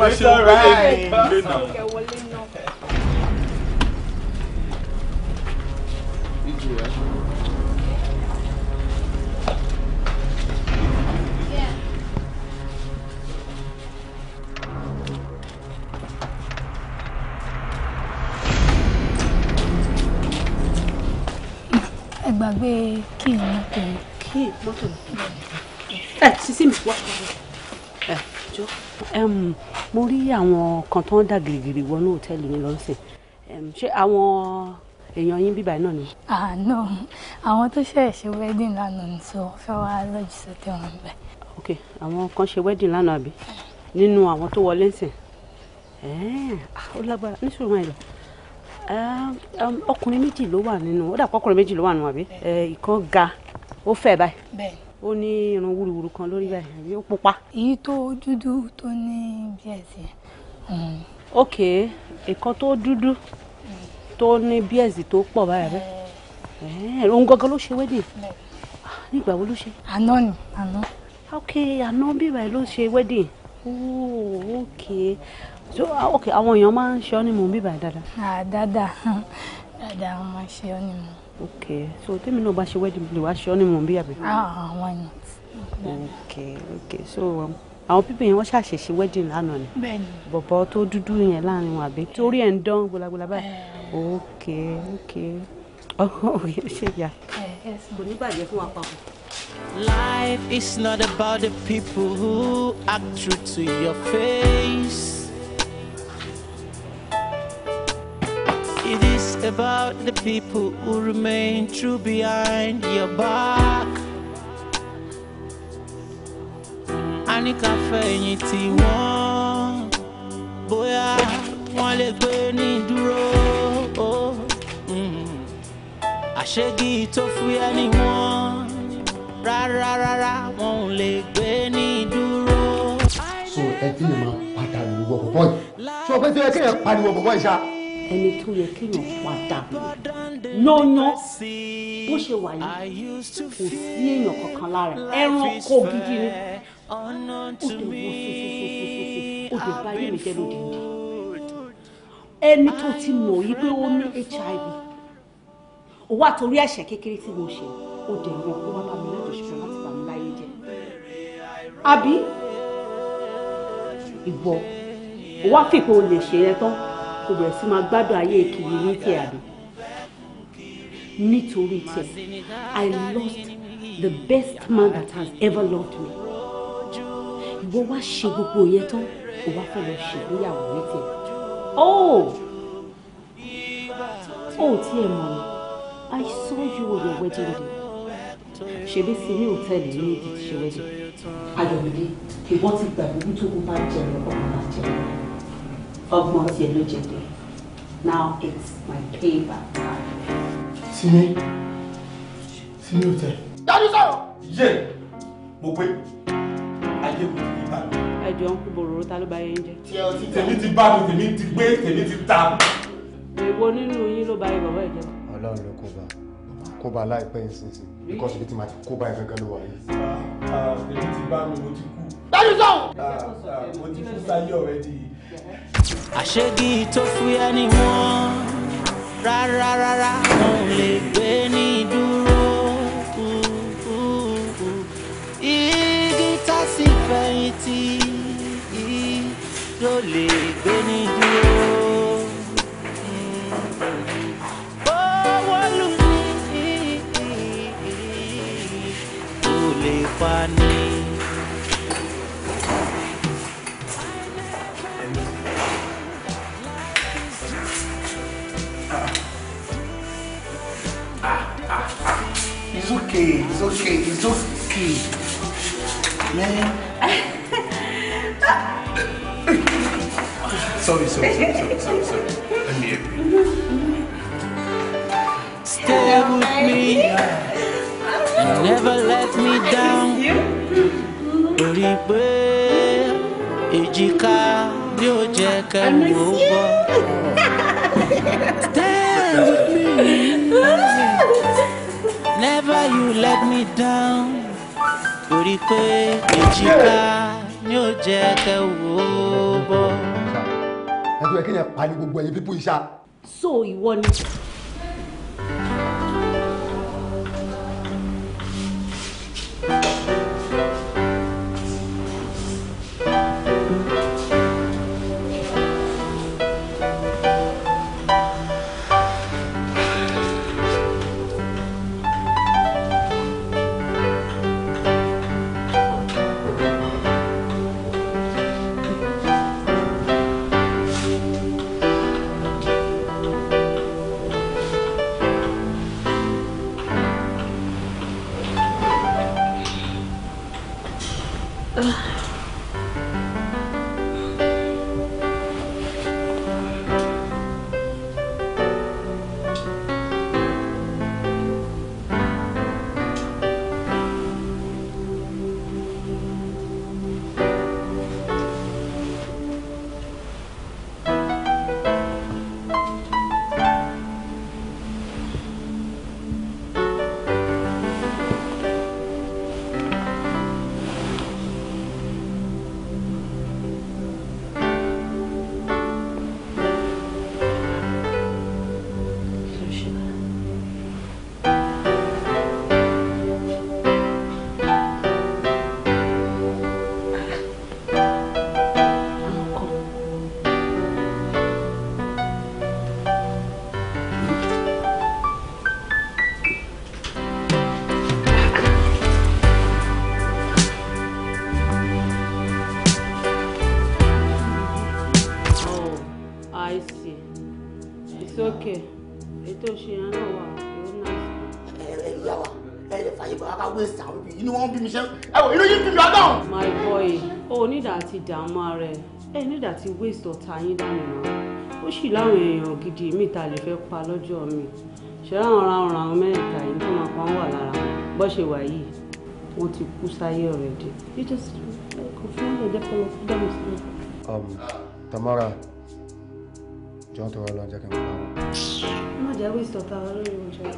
It's alright. kan tó ń dà gírígírí wọnú òtẹ́ẹ̀lì mi lọ́sìn ṣé àwọn èèyàn yín bíbá náà ni. àná àwọn tó ṣẹ̀ ṣe wedding lánàá ni so wọ́n fẹ́ wá lọ́jì sọ́tẹ̀ wọn bẹ̀. ok àwọn kan ṣe wedding lánàá àbí nínú àwọn tó wọlé ńsìn ó lágbára nísòro máa yẹ ọkùnrin méjì ló wà nínú ó dàpọ̀ ọkùnrin méjì ló wà nínú àbí ìkan ga ó fẹ̀ báyìí. bẹ́ẹ̀ni ó ní irun wúruwúru kan lórí báyìí ó pupa. èyí tó dúdú tó ní bíẹ̀sì ok nǹkan tó dúdú tó ní bíẹ́sì tó pọ̀ báyà bẹ́ẹ̀ eh, òun gangan ló ṣe wedding nígbà wo ló ṣe. àná ni àná. ok àná bíbá ló ṣe wedding oh ok so ah, ok àwọn èèyàn máa ń ṣe ọ́ ní mò ń bíbá dáadáa. ah dáadáa <laughs> dáadáa wọn máa ń ṣe ọ́ ní mò. ok so tèmi náà bá ṣe wedding lè wá ṣe ọ́ ní mò ń bí àbí. ah why not. ok ok so. Um, àwọn pípé yẹn wọ́n ṣàṣèṣe wedding lánàá ni bọ̀bọ̀ tó dúdú yẹn láàrin wọn àbí torí ẹ̀ ń dán gbolagbolagbà báyìí ok ok ọ̀hún ṣe yà kò ní bàjẹ́ fún wa papọ̀. Life is not about the people who act true to your face. It is about the people who remain true behind your back. ní ká fẹ̀yìn tì wọ́n bóyá wọ́n lè gbé ní dúró mm. àṣegí tó fúyẹ́ ni wọ́n rárá rárá wọn ò lè gbé ní dúró. so ẹ ti lè máa pàtàkì gbogbo bọ́ọ̀lù sọ pé tí ẹ kéèyàn pariwo bọ̀bọ̀ ìṣá ẹni tó yẹ kéèyàn padà yányán bó ṣe wà yìí kò sí èèyàn kankan lára ẹranko gidi ni unto me I've been fooled. ẹni tó ti mọ̀ yí pé ó ní HIV ó wà torí ẹ̀ṣẹ̀ kékeré tí mo ṣe ó dẹ̀ ń ràn kó wá bá mi lájọṣepọ̀ láti bá mi láyé jẹ́ àbí ìwọ ó wá fìpé o lè ṣe yẹn tán kò bẹ̀rẹ̀ sí máa gbádùn ayé ìkìlì ní tiẹ̀ àbí nítorí tiẹ̀ I lost the best man that has ever loved me ìwọ wá ṣe gbogbo yẹn tán o wá fẹ́ lọ ṣègbéyàwó ní tiẹ̀ ó ó tiẹ̀ mọ̀ ni I saw you on your wedding day ṣebí sí ní òtẹ́ẹ̀lì ní èdè ṣe wedding. Ayọ̀mídé ìwọ ti gbàgbé bí tó kó bá jẹ ọgbọ́n máa jẹ ọgbọ́n tiẹ̀ ló jẹ pé now it's my payback. Sini Sini òtẹ́. Dájú sọ̀rọ̀. Yé mo pé ayé mi ti bá mi. ẹjọ ń kú bòròrò ta ló bá yẹn jẹ. tí ọtí tèmi ti bá mi tèmi ti gbé tèmi ti ta. èwo nínú yín ló bá yẹ bàbá ìjẹ. Ọlọ́run ló kó bá kó bá láìpẹ́ ìsinsìn because ibi tí màá ti kó bá ẹgbẹ́ gan ló wà yìí. Ah, ah, tèmi ti bá mi mo ti kú. dájú sọ. Ah, mo ti fún sáyé ọ̀rẹ́ di. àṣegí tó fúyẹ́ ni wọ́n rárá rárá wọn ò lè Stay with me, never let me down. Oribe, èjìká ni ó Stay with me, never you let me down. Torí pé èjìká ni ó ẹ̀dùn ẹ̀kẹ́yìn pa ní gbogbo ẹ̀yìn pípọ̀ iṣá. so ìwọ ni. dààmú ara ẹ ẹ nígbà tí waste ọ̀tá yín dànù náà ó sì láwọn èèyàn gidi míì ta lè fẹ́ pa lọ́jọ́ mi ṣẹ́rá àwọn ráhùn ráhùn mẹ́ta yìí tó máa pọ́n wà lára bó ṣe wà yìí wọ́n ti kú sáyé ọ̀rẹ́ dé you just um, Tamara jọ́n tó wà lọ jẹ́ kí má jẹ́ waste ọ̀tá wa lórí ọjọ́.